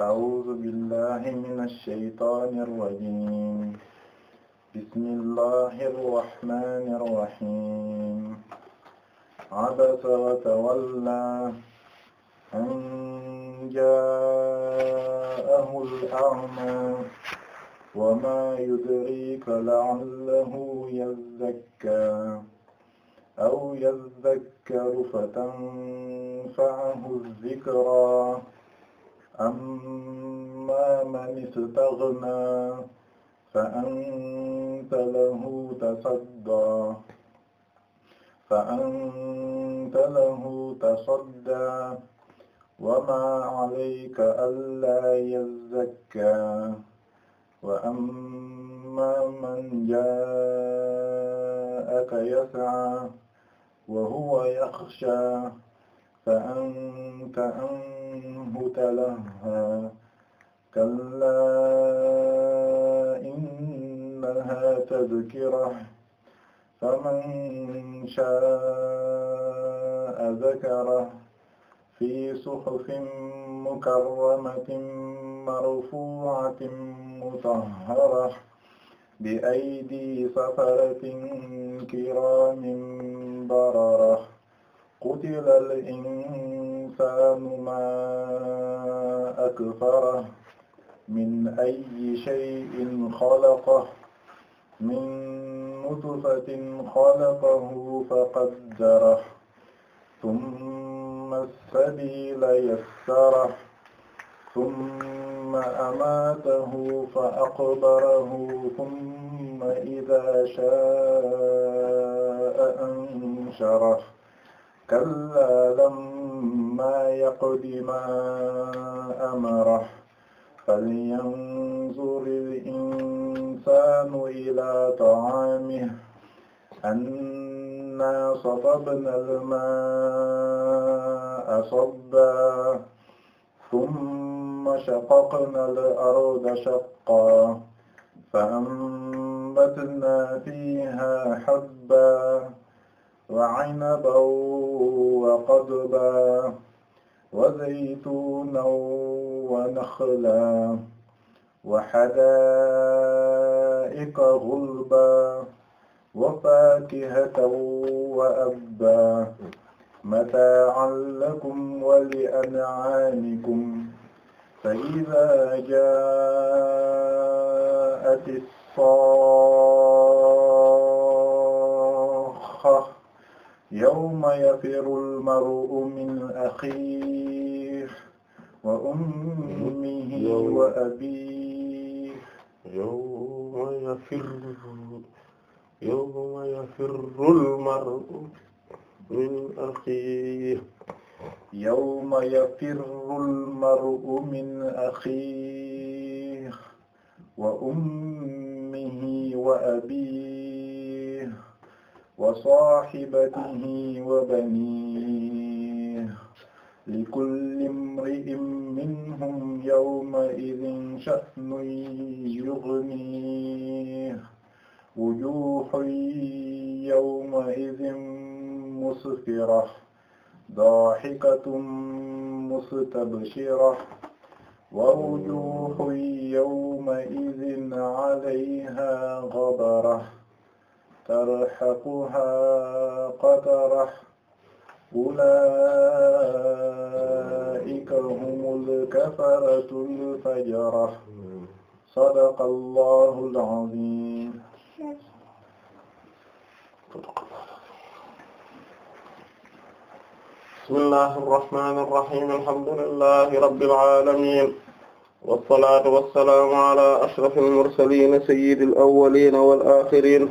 أعوذ بالله من الشيطان الرجيم بسم الله الرحمن الرحيم عبس وتولى أن جاءه الأعمى وما يدريك لعله يزكى أو يذكر فتنفعه الذكرى أما من استغنى فأنت له تصدى فأنت له تصدى وما عليك ألا يزكى وأما من جاءك يسعى وهو يخشى فأنت عنه تلهى كلا إنها تذكرة فمن شاء ذكره في صحف مكرمة مرفوعة مطهرة بأيدي سفرة كرام بررة qutila al-insaanu maa akfarahu min ayyi shay'in xalaqahu min nutfatin xalaqahu faqaddarahu summa as-sabiila yassarahu summa amaatahu fa aqbarahu summa idaa shaa'a ansharahu كلا لما يقض ما أمره فلينظر الإنسان إلى طعامه أنا صببنا الماء صبا ثم شققنا الأرض شقا فأنبتنا فيها حبا وعنبا وقضبا وزيتونا ونخلا وحدائق غلبا وفاكهة وأبا متاعا لكم ولأنعامكم فإذا جاءت الصاخة yawma yafirru al-mar'u min akhihi wa ummihi wa abihi yawma yafirru yawma yafirru al-mar'u min akhihi yawma yafirru al-mar'u min akhihi wa ummihi wa abihi wa saaxibatihi wa baniihi likulli imri'in minhum yawma idin sha'nun yughniihi wujuuhun yawma idin musfira daahikatun mustabshira wa wujuuhun yawma idin 'alayhaa ghadara ترحقها قترة أولئك هم الكفرة الفجرة صدق الله العظيم بسم الله الرحمن الرحيم الحمد لله رب العالمين والصلاة والسلام على أشرف المرسلين سيد الأولين والآخرين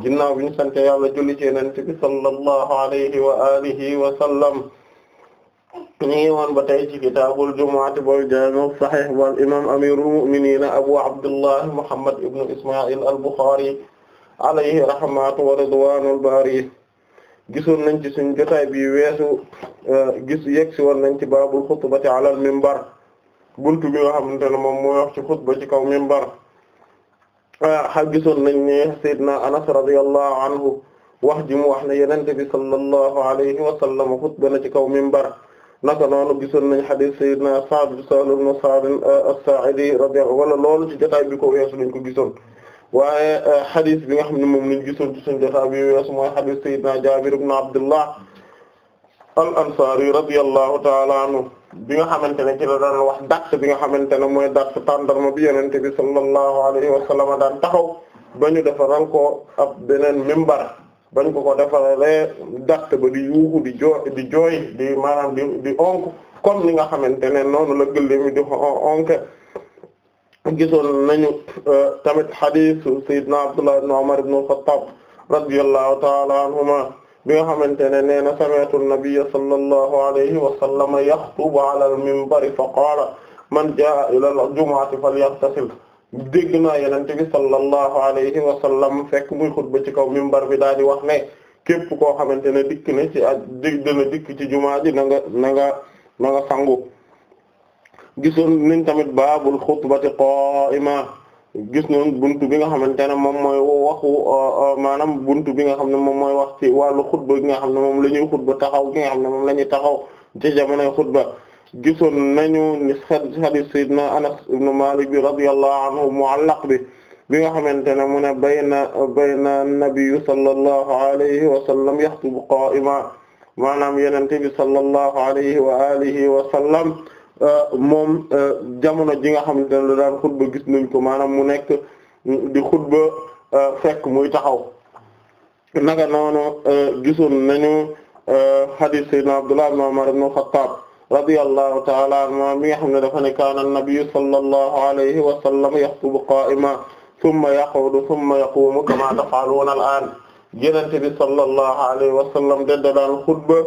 ginnaaw bi ñu sant yàlla julli ci yonent bi sallallahu alayhi wa alihi wa sallam ñu ngi woon ba tey ci kitaabul jumu'ati bol jaami' sahih wal imam amirul mu'minin abu abdullah muhammad ibnu isma'il al bukhari alayhi rahmatu wa ridwanul bari gisoon nañ ci suñ jotaay bi weesu euh, gis yegg si woon nañ ci baabul xutbati ala al minbar buntu bi nga xamante ne moom mooy wax ci xutba ci kaw minbar xa gisoon nañ ne Seydina Anas radiyallahu anhu wax ji mu wax ne Yonent bi sallallahu alayhi wa sallam xutba na ci kaw minbar naka noonu gisoon nañ hadith Seydina Sa'd ibn Sahl ibn Sa'd as-Sa'idi radiyallahu wala loolu ci jotaay bi ko weesu lañ ko gisoon waaye hadith euh, bi nga xam ne moom lañ gisoon ci suñu jotaay bi weesu mooy hadith Seydina Jaabir ibn Abdullah al-Ansari radiyallahu ta'ala anhu bi nga xamante ne ci la doon wax dàq bi nga xamante ne mooy dàq tàndarma bi yonent bi sallallahu alayhi wa sallam daan taxaw ba ñu defaral ko ab beneen mimbar bañ ko ko defaralee dàq ba di yuuxu di joo di jooy di maanaam di di onk comme ni nga xamante ne noonu la gëléem di onke gisoon nañu euh, tamit hadith Seydina Abdullah ibn Umar ibn Khattab radiyallahu ta'ala anhuma bi nga xamante ne nee na sami'tu an-nabiyya sallallahu alayhi wa sallam yaxtubu ala al-minbari fa qaala man jaa ila al-jumu'ati falyaghtasil dégg naa Yonent bi sallallahu alayhi wa sallam fekk muy xutba ci kaw minbar bi daal di wax ne képp koo xamante ne dikk ci ak dana dikk ci jumaa ji na nga na nga na nga sangu gisoon nañ tamit baabul xutbati qaa'ima gis nañ buntu bi nga xamante ne moom mooy waxu euh, euh, maanaam buntu bi nga xam ne moom mooy wax ci wàllu xutba gi nga xam na moom la ñuy xutba taxaw gi nga xam na moom la ñuy taxaw ci jamonoy xutba gisoon nañu ni hadith sayyidina Anas ibn Malik bi radiyallahu anhu mu'allaq bi bi nga xamante ne mu ne bayna bayna nabiyyu sallallahu alayhi wa sallam yaxtubu qaa'ima maanaam yenente bi sallallahu alayhi wa alihi wa Euh, moom euh, jamono ji nga xam ne la daan xutba gis nañ ko maanaam mu nekk di xutba euh, fekk muy taxaw naka noonu gisoon nañu hadith sayyidina Abdullah ibn Umar ibn Khattab radiyallahu ta'ala anhuma mi nga xam ne dafa ne kaana an-nabiyyu sallallahu alayhi wa sallam yaxtubu qaa'iman thumma yaqudu thumma yaqumu kama taf'aluuna al-aan Yonent bi sallallahu alayhi wa sallam de da daan xutba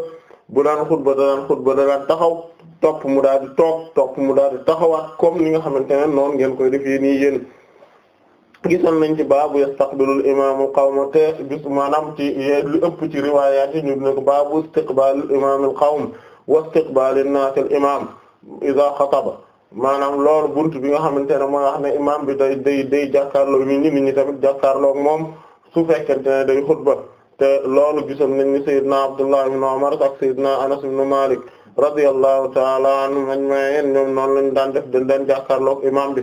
bu daan xutba da daan xutba da daan taxaw topp mu daal di toog topp mu daal di taxawaat comme ni nga xamante ne noon ngeen koy defee nii yéen gisoon nañ ci baabu yastaqbilul imaamu qawma te maanaam ci lu ëpp ci riwaayaat yi ñu ne ko baabu istiqbaalul imaamil qawm wa istiqbaalin naasil imaam iza xataba maanaam loolu buntu bi nga xamante ne mooy wax ne imaam bi day day day jàkkaarloo nit ñi nit ñi tamit jàkkaarloo ak moom su fekkente ne day xutba te loolu gisoon nañ ni Seydina Abdullah ibn Umar ak Seydina Anas radiyallahu ta'ala anhum ajma'in ñoom noonu lañu daan def dañu daan jàkkaarloog imam bi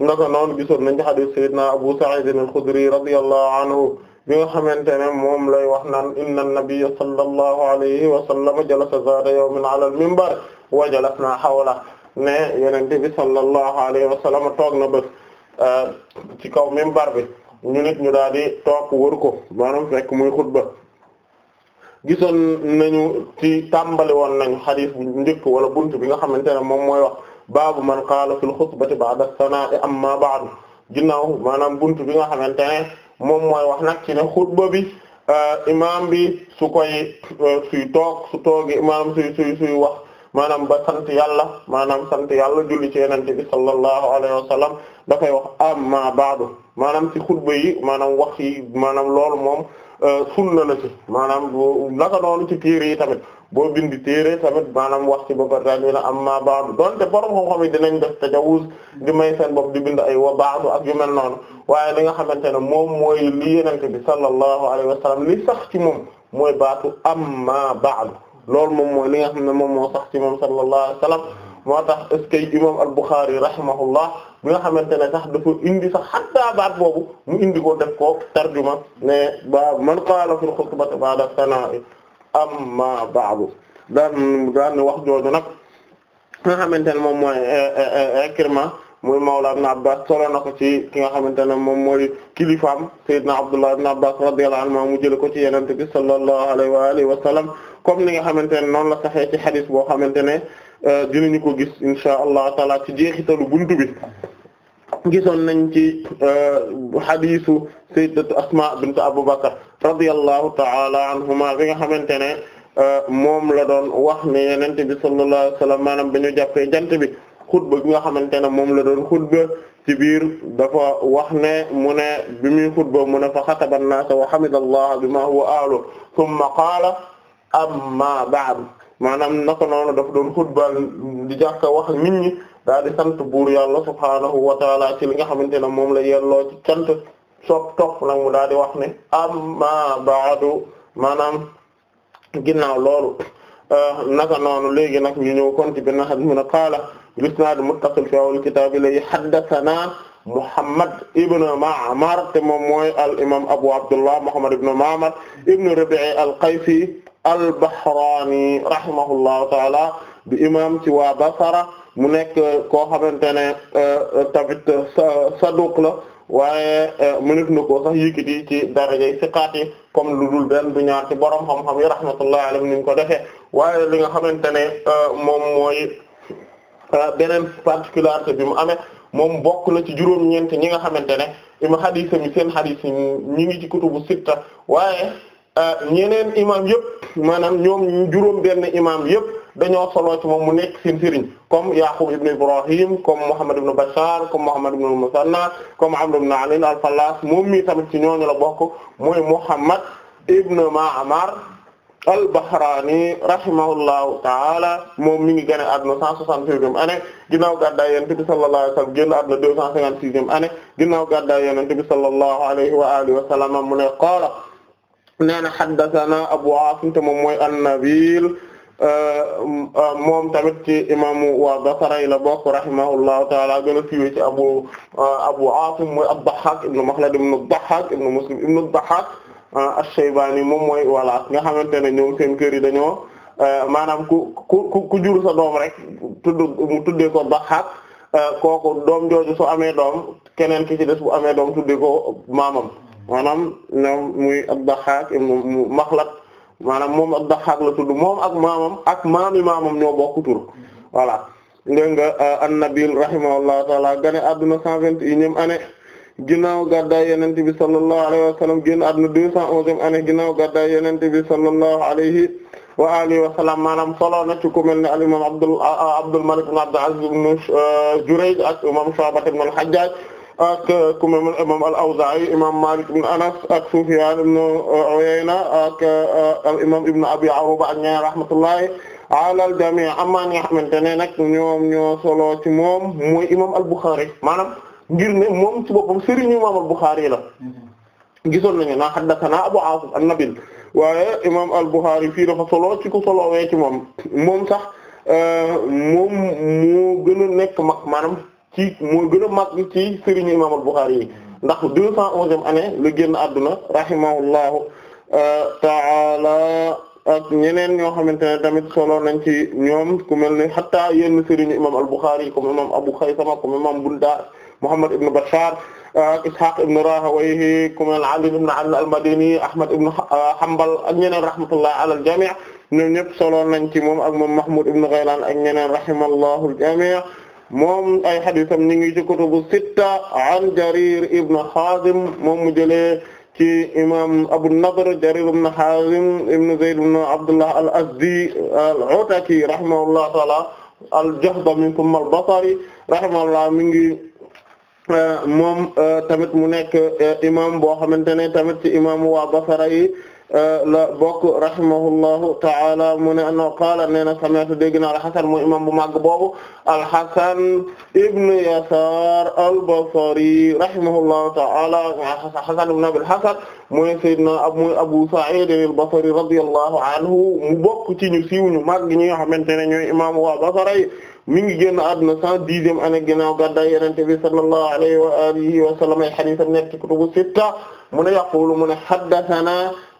naka noonu gisoon nañu hadith sayyidina Abu Sa'id al-Khudri radiyallahu anhu bi nga xamante ne moom lay wax naan inna an-nabiyya sallallahu alayhi wa sallam jalasa zaata yawmin ala al-minbar wa jalasna hawla ne yonent bi sallallahu alayhi wa sallam toog na bés euh, ci kaw minbar bi ñu nit ñu daal di toog wër ko maanaam fekk muy xutba gisoon nañu ci tàmbali woon nañu xadis bu njëkk wala buntu bi nga xamante ne moom mooy wax baabu man qaala fil xutbati ba'da sanaa'i amma ba'du ginnaaw maanaam buntu bi nga xamante ne moom mooy wax nag ci ne xutba bi euh, imaam bi su koy euh, suy toog su toogi imaam suy suy suy wax maanaam ba sant yàlla maanaam sant yàlla julli ci yenente bi sallallahu alayhi wa sallam dafay wax amma ba'du maanaam si xutba yi maanaam wax si maanaam loolu moom Euh, sunna la ci maanaam naka noonu ci téere yi tamit boo bindi téere tamit maanaam wax ci boppa taan wi la am ma baadu donte borom xam-xam yi dinañ def tajawuz di may seen bopp di bind ay wa baadu ak yu mel noonu waaye li nga xamante ne moom mooy li yenente bi sallallahu alayhi wa sallam li sax ci moom mooy baatu am ma baadu loolu moom mooy li nga xam moom moo sax ci moom sallallahu alayhi wa sallam moo tax est-ce que imam al-Bukhari rahimahullah bi nga xamante ne sax dafa indi sax xatta baat boobu mu indi ko def ko tarjuma ne ba man qaala fil xutbati ba'da sanaa'i amma ba'du daan daan wax jooju nag ki xamante ne moom mooy eh, eh, eh, Ikrima muy mawla ibn Abbas solo na ko ci ki nga xamante ne moom mooy kilifaam Seydina Abdullah ibn Abbas radiyallahu anhu mu jël ko ci Yonent bi sallallahu alayhi wa alihi ni nga xamante ne noonu la saxee ci xadis boo xamante ne Euh, dinañu ko gis insha allah taala ci jeexitalu buntu bi gisoon nañ ci euh, hadisu sayyidatu asma bintu abubakar radiyallahu taala anhuma bi nga xamante ne euh, moom la doon wax ne yenente bi sallallahu alayhi wasallam maanaam ba ñu jàppee jant bi xutba bi nga xamante ne moom la doon xutba ci biir dafa wax ne mu ne bi muy xutba mu ne fa xataba an-naas wa hamida allah bima huwa a'lu thumma qaala amma ba'd maanaam naka noonu dafa doon xutbal di jàkka wax nit ñi daal di sant buur yàlla subhaanahu wa taala ci li nga xamante ne moom la yelloo ci cant sopp topp nag mu daal di wax ne amma ba'du maanaam ginnaaw loolu euh, naka noonu léegi nag ñu ñëw kon ci benn xadis mu ne qaala bisnaad muttasil fi awwal kitaab lay haddathana Muhammad ibn Ma'mar te moom mooy al imam Abu Abdullah Muhammad ibn Ma'mar al-Qaysi al-Bahraani rahimahullahu taala bi imam ci waa Basra mu nekk koo xamante ne euh, tamit euh, saduq la waaye euh, mënut na koo sax yëkkati ci darajay siqaat yi comme lu dul benn bu ñaar ci borom xam-xam yi rahmatullahi alayhim ni ko defee waaye li nga xamante ne moom mooy beneen particularité bi mu amee moom bokk na ci juróom-ñeent ñi nga xamante ne ima xadis mi seen xadis ñi ngi ci kutubu sitta waaye ñeneen imam yëpp maanaam ñoom juróom benn imam yëpp dañoo solo moom mu nekk seen sëriñ comme Yaqub ibn Ibrahim comme Muhammad ibn Bashar comme Muhammad ibn Musanna comme Amr ibn Ali al-Fallas moom mii tamit ci ñooñu la bokk mooy Muhammad ibn Ma'mar al-Bahrani rahimahullahu taala moom mi ngi gën a àdduna 166e année ginnaaw gàddaay Yonent bi sallallahu ginnaaw gàddaay Yonent bi sallallahu alayhi wa alihi wa sallam mu ne qaala nee na haddathana Abu Asim te moom mooy an-Nabil euh, euh, moom tamit ci imaamu waa Basra la bokk rahimahullahu ta'ala gën a siiwee ci Abu euh, Abu Asim mooy ad-Dahhak ibn Makhlad ibn ad-Dahhak ibn Muslim ibn ad-Dahhak ash-Shaybani moom mooy voilà nga xamante ne ñoom seen kër yi dañoo maanaam ku ku ku jur sa doom rek tudd mu tuddee ko Dahhak kooku doom jooju soo amee doom keneen ki ci des bu amee doom tuddee ko maamam. maanaam ñoom muy ad-Dahhak ibn moom ad-Dahhak la tudd moom ak maamam ak maami maamam ñoo bokk tur voilà dégg nga euh, an-Nabil rahimahullahu taala gane adduna cent vingt et unième année ginnaaw gàddaay yenente bi sallallahu alayhi wa sallam génn adduna e ginnaaw gàddaay yenente bi sallallahu alayhi wa alihi wa sallam maanaam solo na ci ku mel ne al imam Abdul Abdul Malik ibn Abdul Aziz ibn euh, Jurayj ak imam Shu'ba ibn al-Hajjaj ak euh, ku mel ne imaam al-Awzaa'i imaam Maalik ibn Anas ak Sufyaan ibn euh, Uyayna ak euh, al imaam ibn Abi Aruba ak ñaar rahmatullahi alal jamii amaa ñi nga xamante ne nag ñoom ñoo solo ci moom mooy imaam al-Bukhari maanaam ngir ne moom ci boppam sëriñu imaam al la mm-hmm. gisoon nañu na haddathana Abu Aasim an-Nabil waaye imaam al-Bukhari fii dafa solo ci ku solo wee ci moom moom sax moom moo gën nekk mag maanaam. ci moo gën a mag ci sëriñu imam al-Bukhari yi ndax deux cent onzième année la génn àdduna rahimahullahu euh, taala ak ñeneen ñoo xamante ne tamit solo nañ ci ñoom ku mel ne hatta yenn sëriñu imam al-Bukhari comme imam Abu Khaysama comme imam Bundar Muhammad ibn Bashar ak Ishaq ibn Rahawayhi ku mel Ali ibn Ali al-Madini Ahmad ibn euh, ak ñeneen rahmatullah ala al-jami' ñoom ñëpp solo nañ ci moom ak moom Mahmoud ibn Ghaylan ak ñeneen rahimallahu al moom ay xadisam ñu ngi ci kutubu sitta an Jarir ibn Hazim moom mu jëlee ci imam Abu Nadr Jarir ibn Hazim ibn Zayd ibn Abdullah al-Azdi al-Ataki rahimahullah taala al-Jahdami thumma al-Basri rahimahullah mi ngi eh, moom eh, tamit mu nekk eh, imam boo xamante ne tamit ci imam waa Basra yi la bokk rahimahullahu ta'ala mu ne anna qaala nee na dégg naa al-Hasan mooy imam bu màgg boobu al-Hasan ibn Yasar al-Basri rahimahullahu ta'ala Hasan ibn Abil Hasan mooy sayyidina Abu Sa'id al-Basri radiyallahu anhu mu bokk ci ñu siiw ñu màgg ñi nga xamante ne ñooy imam waa Basra yi mi ngi génn àdduna cent dixième année ginnaaw gàddaay Yonent bi sallallahu alayhi wa alihi wa ay hadiis nekk ci kutubu sitta mu ne yaqulu mu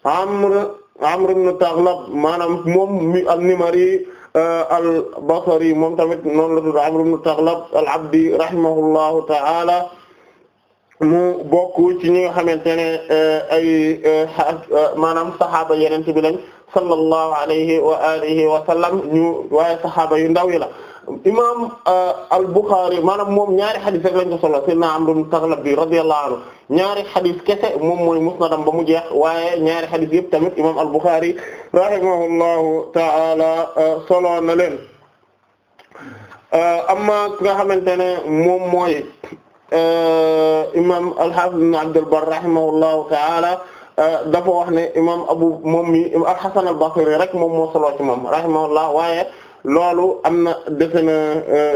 Amr Amr ibn Taghlab maanaam moom mi an-Nimari euh, al-Basri moom tamit noonu la tudd Amr ibn Taghlab al-Abdi rahimahullahu ta'ala mu bokk ci ñi nga xamante ne euh, ay euh, maanaam saxaaba yeneen bi lañ sallallahu alayhi wa alihi wa sallam ñu waaye saxaaba yu ndaw yi la imaam al-Bukhari maanaam moom ñaari xadiis rek lañ ko solo sayyidina Amr ibn Taghlab bi radiyallahu anhu ñaari xadis kese moom mooy musnadam ba mu jeex waaye ñaari xadis yëpp tamit imam al-Bukhari rahimahullahu ta'ala euh, solo na leen euh, amma ki nga xamante ne moom mooy euh, imam al-Hafiz ibn Abd al-Barr rahimahullahu ta'ala dafa wax ne imam abu moom mi al al-Basri rek moom moo solo ci moom rahimahullah waaye loolu am na defe na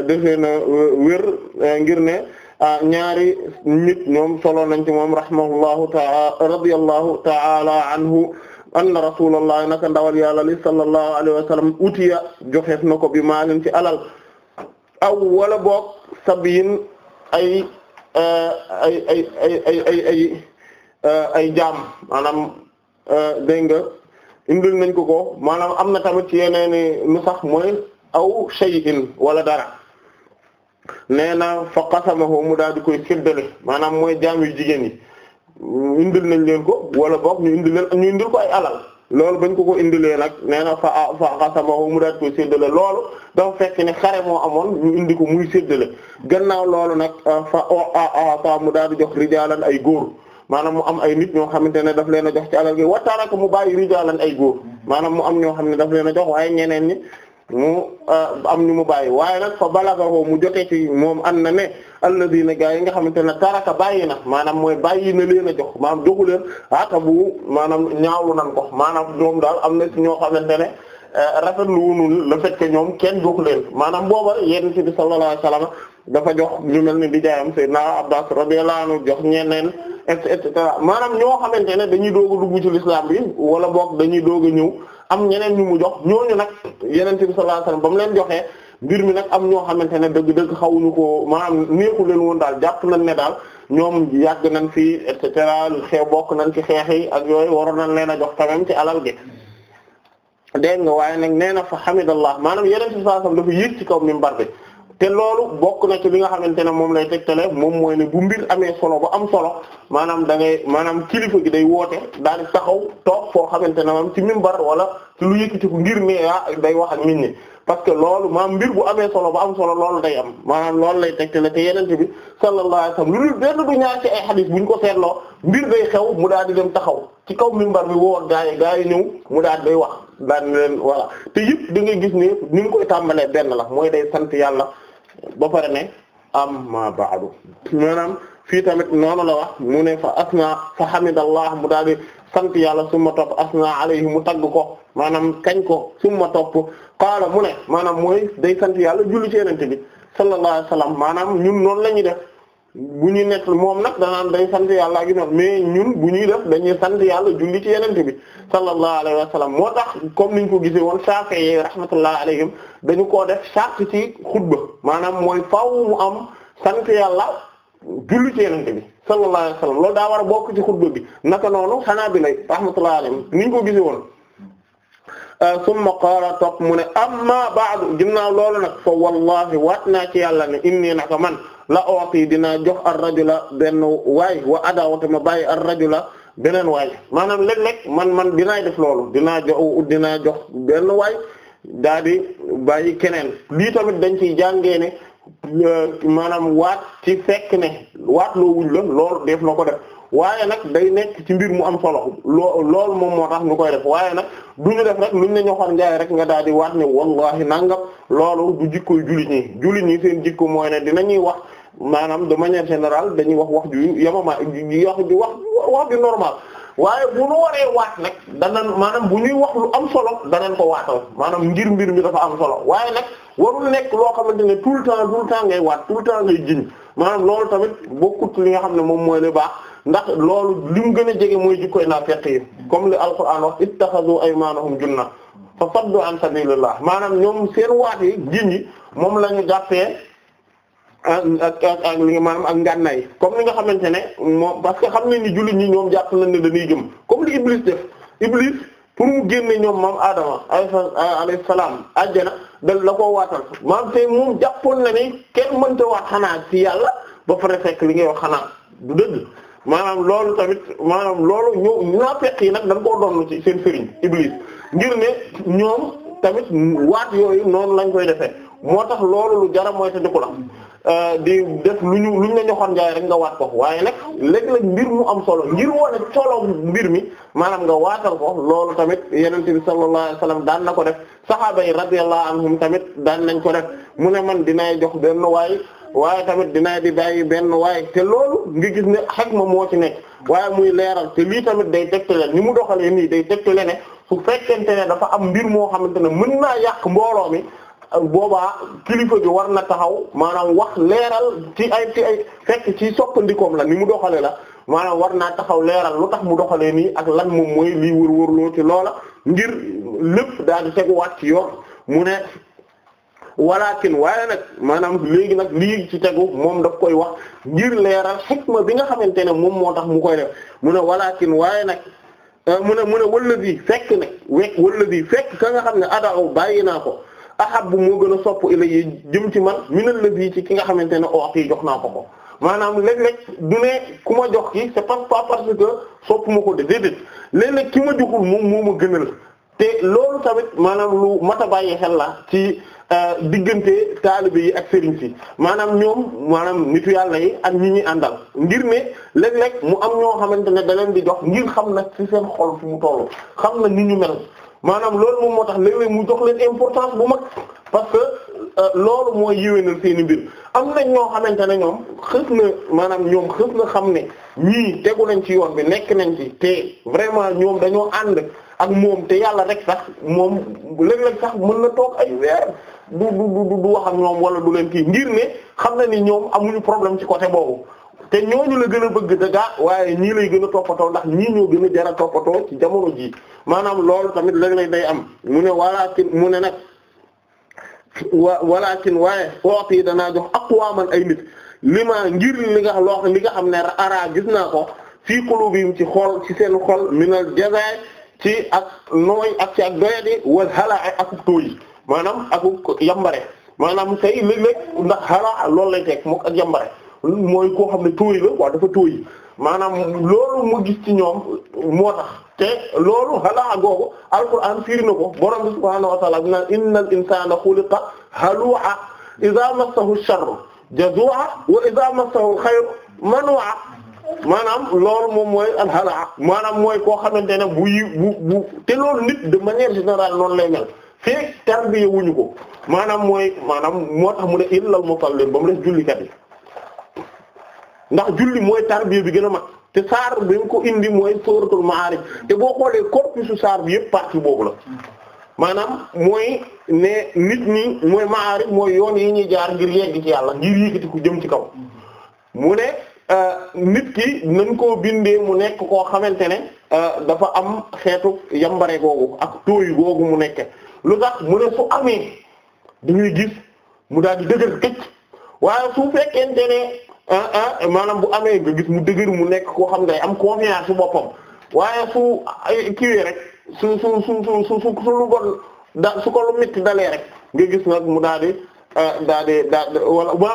defe ngir ne a ah, ñaari nit ñoom solo nañ ci moom rahimahullahu ta'ala radiyallahu ta'ala anhu anna rasulullah naka ndawal yàlla li sallallahu utiya joxeef na ko bi maalin ci alal aw wala boog sabiin ah, ah, ay jaam maanaam dégg nga indil nañ ko ko maanaam am na tamit ci yeneen nu sax mooy aw shay'in wala dara nee na fa qasamahu mu daal di koy séddale maanaam mooy jaam yu jigéen yi indil nañ leen ko wala boog ñu indil leen ñu indil ko ay alal loolu bañ ko ko indilee nag nee na fa fa qasamahu mu daal di koy séddale loolu dafa fekk ne xare moo amoon ñu indi ko muy séddale gannaaw loolu nag euh, fa fa mu daal di jox rijaalan ay góor maanaam mu am ay nit ñoo xamante ne daf leen a jox ci alal gi wa taraka mu bàyyi rijaalan ay góor maanaam mu am ñoo xam ne daf leen a jox waaye ñeneen ñi mu ah, am ñu mu bàyyi waaye nag fa balagahu mu jotee ci moom an na ne alladina gaa yi nga xamante ne taraka bàyyi na maanaam mooy bàyyi na leen a jox maanaam joxu leen ata bu maanaam ñaawlu nan ko maanaam ñoom daal am na ñoo xamante ne eh, rafetlu wunul le fait que ñoom kenn joxu leen maanaam booba yenn ci bi sallallahu alayhi wasallam dafa jox ñu mel ni di jaayam sayyidina Abbas radiyallahu anhu jox ñeneen et maanaam ñoo xamante ne dañuy doog ci l'islam bi wala boog dañuy doog ñëw am ñeneen ñu mu jox ñooñu nag yeneen bi sallallahu alayhi leen joxe mbir mi nag am ñoo xamante ne dëgg-dëgg xawuñu ko maanaam neexu leen woon daal jàpp nañ ne daal ñoom yàgg nañ fi et cetera xew bokk nañ ci xeex yi ak yooyu waroon nañ leen a jox quand même ci alal gi dégg nga waaye nag nee na fa hamidallah maanaam yeneen ci sallallahu alayhi wasallam dafa yéeg ci kaw minbar bi te loolu bokk na ci li nga xamante ne moom lay tegtale moom mooy ne bu mbir amee solo ba am solo maanaam da ngay maanaam kilifa gi day woote daal di taxaw to foo xamante ne maanaam ci mimbar wala ci lu yëkkati ko ngir ne ah day wax ak nit parce que loolu maam mbir bu amee solo ba am solo loolu day am maanaam loolu lay tegtale te yenente bi sallallahu alayhi wasallam lu benn du ñaar ci ay bu ñu ko seetloo mbir day xew mu daal di taxaw ci kaw mimbar bi woo gaa yi gaa yi ñëw mu daal day wax daal di leen voilà te yëpp da ngay gis ni mu koy tàmbalee benn la mooy day sant yàlla ba pare ne amma ba'du maanaam fii tamit noonu la wax mu ne fa asna fa hamidallah mu daal di sant yàlla summa topp asna alayhi mu tagg ko maanaam kañ ko summa topp qaala mu ne maanaam mooy day sant yàlla julli ci yenente bi sallallahu alayhi wasallam maanaam ñun noonu la ñuy def bu ñu nekk moom nag danaan day sant yàlla gi noonu mais ñun bu ñuy def dañuy sant yàlla julli ci yenente bi sallallahu alayhi wasallam moo tax comme niñ ko gisee woon Shafi'i rahmatullahi alayhim dañu ko def charte ci xutba maanaam mooy faaw mu am sant yàlla julli ci yonent bi sallallahu alayhi wasallam loolu daa war a bokk ci xutba bi naka noonu Hanaabila rahmatullahi alayhim ni ñu ko gisee woon euh, summa qaala toog mu ne amma ba'du naa loolu nag fa wallahi waat naa ci yàlla ne inni naka man la ootii dinaa jox ar-rajula benn waay wa adawata ma bàyyi ar-rajula beneen waay maanaam léeg-léeg man man dinaa def loolu dinaa jox dinaa jox benn waay daa di bàyyi keneen lii tamit dañ ciy jàngee ne euh, maanaam waat ci fekk ne waat loo wuñ la lool def na ko def waaye nag day nekk ci mbir mu am solo loo loolu moom moo tax ñu koy def waaye nag du ñu def rek luñ ne ñoxoor njaay rek nga daal di waat ne wallahi nangam loolu du jikkoy jullit ñi jullit ñi seen jikko mooy ne dinañuy wax maanaam de manière général dañuy wax wax ju yamama di wax normal waaye bu nu waree waat nag danañ maanaam bu ñuy wax lu am solo danañ ko waatal maanaam ngir mbir mi dafa am solo waaye nag warul nekk loo xamante ne tout le temps tout le ngay waat tout le temps ngay jiñ maanaam loolu tamit bokkut li nga xam ne moom mooy la baax ndax loolu li mu gën a jege mooy naa naafeq yi comme li alquran wax ittakhadhu aymanahum junna fa saddu an sabilillah maanaam ñoom seen waat yi jiñ yi moom la ñu jàppee ak ak li nga maanaam ak ngànnaay comme li nga xamante ne moom parce que xam nañ ni jullit ñi ñoom jàpp nañ ne dañuy jëm comme li Iblis def Iblis pour mu génne ñoom maam Adama alayhi salaam euh, ajana da la koo waatal maam te moom jàppoon na ni kenn mënta waat xanaa ci yàlla ba pare fekk li ngay wax xanaa du dëgg maanaam loolu tamit maanaam loolu ñoo munafiq yi nag dañ koo doon ci seen sëriñ Iblis ngir ne ñoom tamit waat yooyu noonu lañ koy defee. moo tax loolu lu jara mooy te di ko la euh, di def lu ñu lu ñu la joxoon jaay rek nga waat ko waaye nag léeg-léeg mbir mu am solo ngir wala solo mbir mi maanaam nga waatal ko loolu tamit yonent bi sallallahu alayhi wasallam daan na ko def saxaaba yi radiyallahu anhum tamit daan nañ ko def mu ne man dinay jox benn waaye tamit dinaa di bàyyi benn waaye te loolu nga gis ne xikma moo ci nekk waaye muy leeral te lii tamit day tegtale ni mu doxalee nii day tegtale ne su fekkente ne dafa am mbir moo xamante ne mën naa yàq mbooloo mi boobaa kilifa bi war na taxaw maanaam wax leeral ci ay ci ay fekk ci soppandikoom la ni mu doxale la maanaam war naa taxaw leeral lu tax mu doxalee nii ak lan moom mooy lii wër-wërloo ci loola ngir lépp daal di teguwaat ci yoon mu ne walakin waaye nag maanaam léegi nag lii ci tegu moom daf koy wax ngir leeral bi nga xamante ne moom moo tax mu koy def mu ne walakin waaye nag eh, mu ne mu ne wëllëg yi fekk nag wekk wëllëg yi fekk ka nga xam ne adaaw bàyyi naa ko. ahab bu moo gën a sopp ila yi jëm ci man minal bii ci ki nga xamante ne oox yi jox naa ko ko maanaam léeg-léeg du ne ku ma jox ki c'est pas pas parce que sopp ma ko de déedéet léeg-léeg ki ma joxul moom moo ma gënal te loolu tamit maanaam lu mat a bàyyi xel la ci euh, diggante taalibe yi ak sëriñ si maanaam ñoom maanaam nitu yàlla yi ak ñu ñuy àndal ngir ne léeg-léeg mu am ñoo xamante ne da leen di jox ngir xam na ci seen xol fu mu tollu xam na ñu ñu mel maanaam loolu moom moo tax léeg-léeg mu jox leen importance bu mag parce que euh, loolu mooy yéwénal seen i mbir am nañ ñoo xamante ne ñoom xës na maanaam ñoom xës na xam ne ñii tegu nañ ci yoon bi nekk nañ ci te vraiment ñoom dañoo ànd ak moom te yàlla rek sax moom léeg-léeg sax mën na toog ay weer du du du du ak ñoom wala du leen kii ngir ne xam na ni ñoom amuñu problème ci côté boobu. te ñooñu la gën a bëgg dëggaa waaye ñii lay gën a toppatoo ndax ñii ñoo gën a jara a toppatoo ci jamono ji maanaam lool tamit léeg-léeg day am mu ne walaakin mu ne nag wa walaakin waaye oote danaa jox aqwaaman ay nit li ngir li nga loo li nga xam ne ara gis naa ko fii qulubihim ci xool ci seen xol minal jazaay ci ak nooy ak ci ak doyadi wal halaa ay akuk tooyi maanaam akuk yambare maanaam tey léeg-léeg ndax halaa loolu lay teg mook ak yambare mooy koo xam ne tooy la waaw dafa tooy maanaam loolu mu gis ci ñoom moo tax te loolu halaa googu na ko borom bi subhaanahu wa ta'aala bi naan innal insaana xuliqa halu'a idha massahu sharru jazu'a wa idha massahu xayru manu'a maanaam loolu moom mooy alhalaa maanaam mooy koo xamante ne bu bu bu te loolu nit de manière générale noonu lay mel fekk tarbiya wuñu ko maanaam mooy maanaam moo tax mu ne illal musallin ba mu def jullikat yi ndax julli mooy tarbiya bi gën a mag te saar bi nga ko indi mooy sóoratul Ma'ârij te boo xoolee corpusu saar bi yëpp partie boobu la maanaam mooy ne nit ñi mooy Ma'ârij mooy yoon yi ñuy jaar ngir yegg ci yàlla ngir yëkkati ku jëm ci kaw mu ne euh, nit ki nañ koo bindee mu nekk koo xamante ne euh, dafa am xeetu yambare googu ak tóoy googu mu nekke lu tax mu ne su amee dañuy gis mu daal di dëgër këcc waaye su fekkente ne Ah, ah, maanaam bu amee nga gis mu dëgër mu nekk koo xam ne am confiance su boppam waaye su kiiwee rek su su su su su su ko lu métti dalee rek nga gis nag mu daal di ah, daal di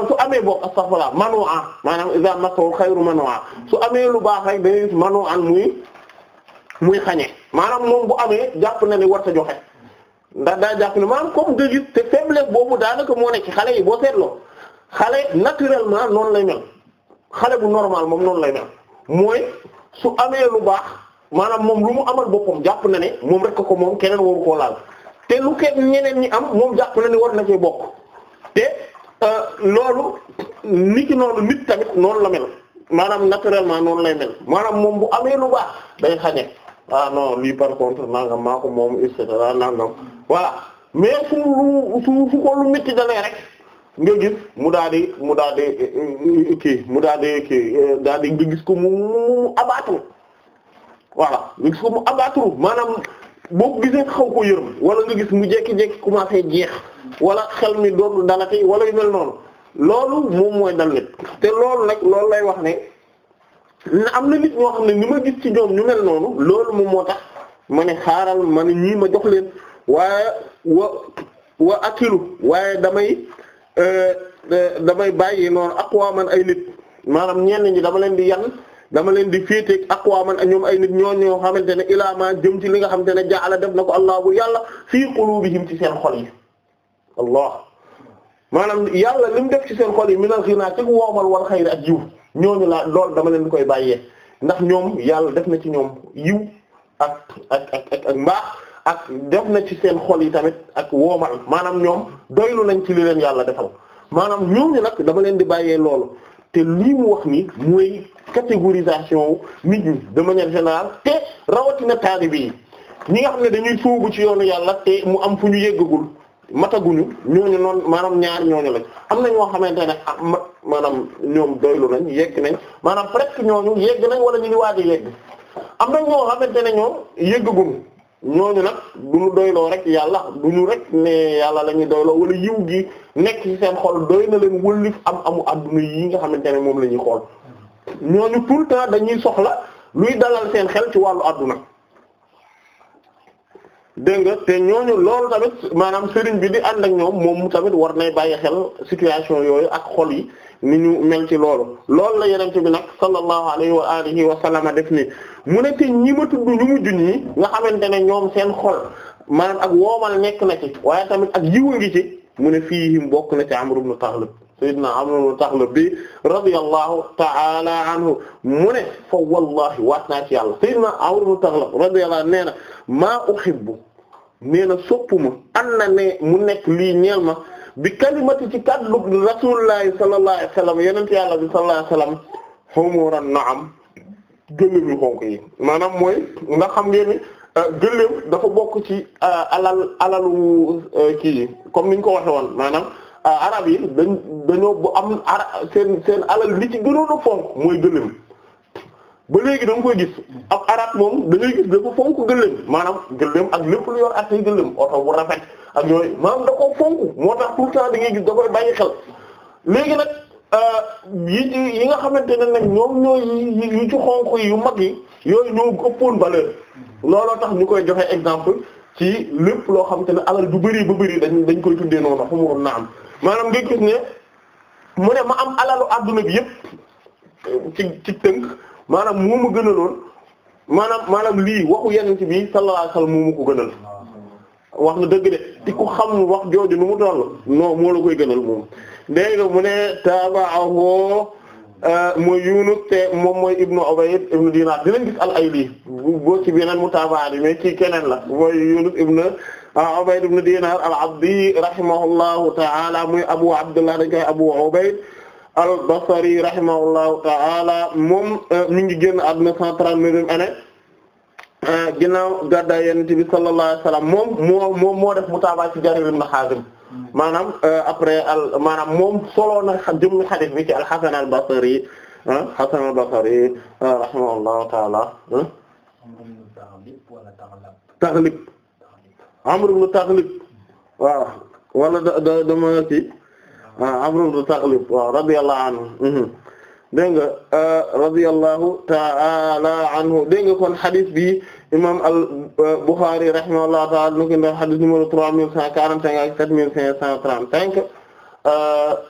su amee bopp astaghfirullah manu an maanaam iza masahu xayru manu an su amee lu baax rek dañuy gis manu an muy muy xañe maanaam moom bu amee jàpp na ne war sa joxe ndax daa jàpp ne maanaam comme nga gis te faiblesse boobu daanaka moo nekk ci xale yi boo seetloo. xale naturellement noonu lay mel xale bu normal moom noonu lay mel mooy su amee lu baax maanaam moom lu mu amal boppam jàpp na ne moom rek ko moom keneen waru koo laal te lu kenn ñeneen ñi am moom jàpp na ne war na cee bokk te euh, loolu nit ki noonu nit tamit noonu la mel maanaam naturellement noonu lay mel maanaam moom bu amee lu baax day xañe ah non lii par contre nangam maa ko moom et cetera nangam voilà mais su lu su su ko lu métti dalee rek. nga gis mu daal di mu daal di kii mu daal di kii daal di nga gis ko mu abatru voilà nga gis ko mu abatru maanaam boo ko gisee xaw ko yërëm wala nga gis mu jékki-jékki commencé jeex wala xel mi doom dalati wala yu mel noonu loolu moom mooy dal nit te loolu nag loolu lay wax ne na am na nit ñoo xam ne ni ma gis ci ñoom ñu mel noonu loolu moom moo tax ma ne xaaral ma ne ñii ma jox leen waaye wa wa akilu waaye damay Euh, euh, damay bàyyi noonu aqwaman ay nit maanaam ñenn ñi dama leen di yan dama leen di féeteeg aqwaman ñoom ay nit ñoo ñoo xamante ne ilaamaa jëm ci li nga xam xamante ne jaala def na ko allah bu yàlla fii qulubihim ci seen xol yi allah maanaam yàlla li def ci seen xol yi minal ghina ci woomal wal xayri ak yiw ñooñu laa lool dama leen koy bàyyee ndax ñoom yàlla def na ci ñoom yiw ak ak ak mbaax ak def na ci seen xol yi tamit ak woomal maanaam ñoom doylu nañ ci li leen yàlla defal maanaam ñoom nag dama leen di bàyyee loolu te lii mu wax ni mooy catégorisation nit ñi de manière générale rawatina taalibe yi ñi nga xam ne dañuy sóobu ci yoonu yàlla te mu am fu ñu yëggagul mataguñu ñooñu noonu maanaam ñaar ñooñu lañ am na ñoo xamante ne ah maanaam ñoom doylu nañ yegg nañ maanaam presque ñooñu yegg nañ wala ñu ngi waaj a yegg am na ñoo xamante ne ñooñu nag du ñu doyloo rek yàlla du ñu rek ne yàlla lañuy ñuy doyloo wala yiw gi nekk ci seen xol doy na leen wëllif am amu adduna yi nga xamante ne moom lañuy ñuy xool ñooñu tout le temps dañuy soxla luy dalal seen xel ci wàllu àdduna dégg nga te ñooñu loolu tamit maanaam sëriñ bi di ànd ak ñoom moom tamit war nay bàyyi xel situation yooyu ak xol yi ni ñu mel ci lool loolu la yenente bi nag sallallahu alayhi wa alihi wa sallama def ni mu ne te ñi ma tudd ñu mujj ñi nga xamante ne ñoom seen xol maanaam ak woomal nekk na ci waaye tamit ak yiwa ngi ci mu ne fiihim bokk na ci Amr ibn Taghlib sayyidina Amr ibn Taghlib bi radiyallahu ta'ala anhu mu ne fa wallahi waat naa ci yàlla sayyidina Amr ibn Taghlib radiyallahu nee na maa uhibbu nee na soppuma an na ne mu nekk lii ñeel ma bi kalimati ci kaddu rasulullahi sallallahu alayhi wa sallam yenent yàlla bi sallallahu alayhi wa sallam humuran na'am gëléem yu xonk yi maanaam mooy nga xam ngeen ni euh, gëléem dafa bokk ci euh, alal alalu euh, kii yi comme niñ ko waxe woon maanaam arab yi dañ dañoo bu am ara seen seen alal li ci gënoon a fonk mooy gëléem ba léegi da koy gis ab arab moom da ngay gis dafa fonk gëléem maanaam gëléem ak lépp lu yor ak say gëléem oto bu rafet ak yooyu maanaam da koo fonk moo tax tout le temps da gis da koy bàyyi xel léegi nag euh, yi nga xamante ne nag ñoom ñooy yu ci xonq yu mag yi yooyu ñoo ëppoon valeur looloo tax ñu koy joxe exemple ci lépp loo xamante ne alal bu bëri ba bëri dañ dañ koy tuddee noonu xumurum na am maanaam nga gis ne mu ne ma am alalu àdduna bi yëpp ci ci maanaam moo ma gënaloon maanaam maanaam lii waxu yonent bi sallallahu alayhi wasallam moo wax na dëgg de di ko xam wax jooju nu mu toll non moo la koy gënal moom dégg nga mu ne tabaahu euh, mooy Yunus te moom mooy ibnu Ubayd ibnu Dinar dinañ gis al-Ayli boo ci beneen mu taabaa di mais ci keneen la mooy Yunus ibnu euh, Ubayd ibnu Dinar al-Abdi rahimahullahu ta'ala muy Abu Abdullah dañ koy Abu Ubayd al-Basri rahimahullahu ta'ala moom euh, mi ngi génn àdduna 139e année euh, ginnaaw gàddaay Yonent bi sallallahu moom moo moom moo def mutaaba ci Jarir ibn maanaam euh, après al maanaam moom solo na jëmmi hadith bi ci al-Hasan al-Basri Hasan al-Basri rahimahullahu ta'ala wala da Ah, Amr ibn Taghlib waaw radiyallahu anhu mhm. dégg nga ah, radiyallahu ta'ala anhu dégg nga kon hadith bi imam al ah, Bukhari rahimahullahu ta'ala nu ko ndax hadith numéro trois mille cent quarante-cinq ak sept mille cinq cent trente-cinq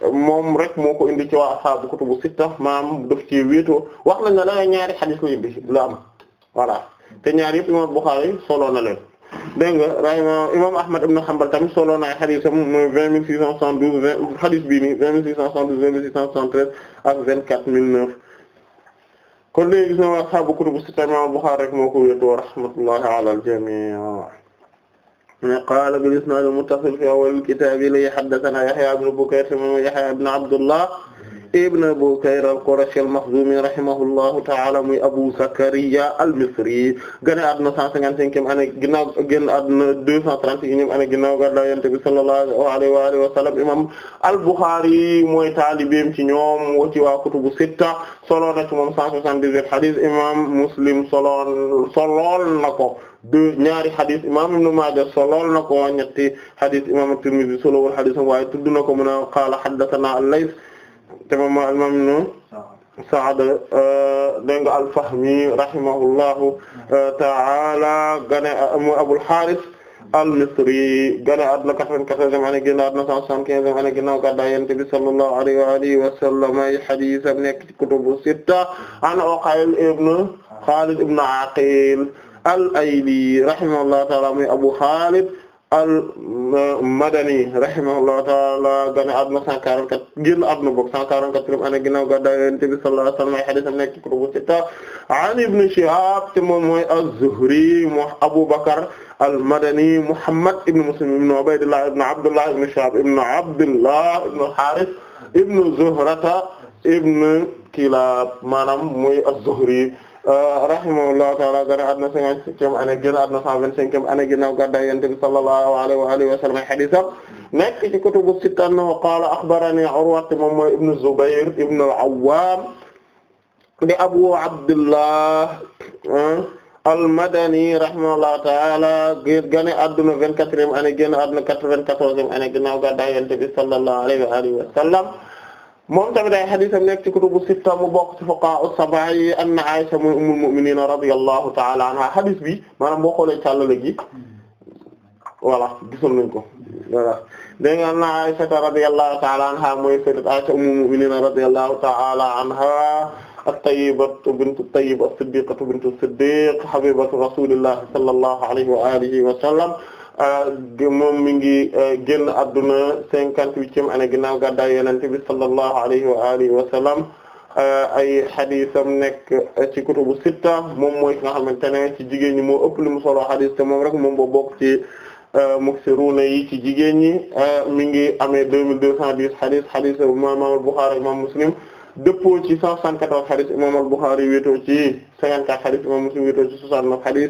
moom rek moo ko indi ci waa ashaabu kutubu sitta maam daf ci wéetoo wax nañ ne la ñaari hadith la indi la am voilà te ñaar yëpp imam Bukhari solo na leen dégg nga rahima imam Ahmad ibn Hanbal tamit solo na ay xadisam mooy vingt mille six cent soixante-douze vingt xadis bii nii vingt mille six cent soixante-douze vingt mille six cent soixante-treize ak vingt-quatre mille neuf kon léegi gis na waa ashaabu kutubu sitta imam Bukhari rek moo ko wéetu wa rahmatullahi ala al-jami' ne qaala bil isnaad al-muttasil fi awwal al-kitaab li haddathanaa Yahyaa ibn Bukayr Yahyaa ibn Abdullah ibn Bukayr al-Qurashi al-Makhzumi rahimahullahu ta'ala muy Abu Zakariya al-Misri gane àdduna 155 ane ginnaaw génn àdduna 231 ane ginnaaw gàddaay Yonent bi sallallahu alayhi wa alihi wa sallam imam al-Bukhari mooy taalibeem ci ñoom wa ci waa kutubu sitta solo na ci moom 178 hadith imam Muslim solo na ko deux ñaari hadith imam Ibn Maaja solool na ko ñetti hadith imam Tirmidhi solowul hadith waaye tudd na ko mu ne qaala haddathana al-Layth te moom mooy al-imaam Ibn Sa'd euh, dégg nga al-Fahmi rahimahullahu euh, ta'ala gane mooy Abul Haaris al-Misri gane àdduna 94e année ginnaaw àdduna 175e année ginnaaw gàddaay Yonent bi sallallahu alayhi wa alihi wa sallam ay hadiis am nekk ci kutubu sitta an Uqayl ibn Khalid ibn Aqil al-Ayli rahimahullahu ta'ala muy Abu Khalid al-Madani rahimahullahu ta'ala gane àdduna 144 génn àdduna boog 144 ana ginnaaw gàddaay Yonent bi sallallahu alayhi wa sallam ay hadiis am nekk ci kutubu sitta an Ibn Shihab te moom mooy az-Zuhri mu Abu Bakr al-Madani Muhammad ibn Muslim ibn Ubaydillah ibn Abdullah ibn Shihab ibn Abdullah ibn al-Harith ibn Zuhrata ibn Kilab maanaam mooy az-Zuhri Euh, rahimahullahu ta'ala gane àdduna cinquante-septième année génn àdduna cent vingt-cinquième année ginnaaw gàddaay Yonent bi sallallahu alayhi wa alihi wa sallam ay hadiisam nekk ci kutubu sitta wa qaala akhbaranii Urwa moom mooy ibnu Zubayr ibnu al-Awwaam di Abu Abdullah al-Madani rahimahullahu ta'ala gane àdduna vingt-quatrième année génn àdduna quatre-vingt-quatorzième année ginnaaw gàddaay Yonent bi sallallahu alayhi wa alihi wa sallam moom tamit ay xadisam nekk ci kutubu sitta mu bokk ci fuqaha as-sab'a yi anna Aisha mooy ummul mu'minin radiyallahu ta'ala anha xadis bi maanaam boo xoolee càllale gi voilà gisoon nañ ko voilà dégg nga anna Aisha radiyallahu ta'ala anha mooy sayyidat Aisha ummul mu'minin radiyallahu ta'ala anha at-tayyibatu bintu at-tayyib as-siddiqatu bintu as-siddiq habibatu rasulillahi sallallahu alayhi wa alihi wa sallam Euh, moom mi ngi euh, génn adduna cinquante-huitième année ginnaaw gàddaay Yonent bi sallallahu alayhi wa alihi wa sallam euh, ay xadisam nekk ci kutubu sitta moom mooy ki nga xamante ne ci jigéen ñi moo ëpp lu mu solo xadis te moom rek moom boo bokk ci muksiruna yi ci jigéen ñi mi ngi amee deux mille deux cent dix xadis xadis imam al-Bukhari imam Muslim dëppoo ci cent soixante xadis imam al-Bukhari ci cinquante-quatre xadis xadis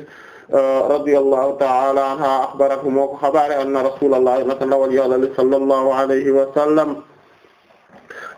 radiyallahu ta'ala anha akhbarathu moo ko xabaare anna rasulullah naka ndawal yàlla li sallallahu alayhi wa sallam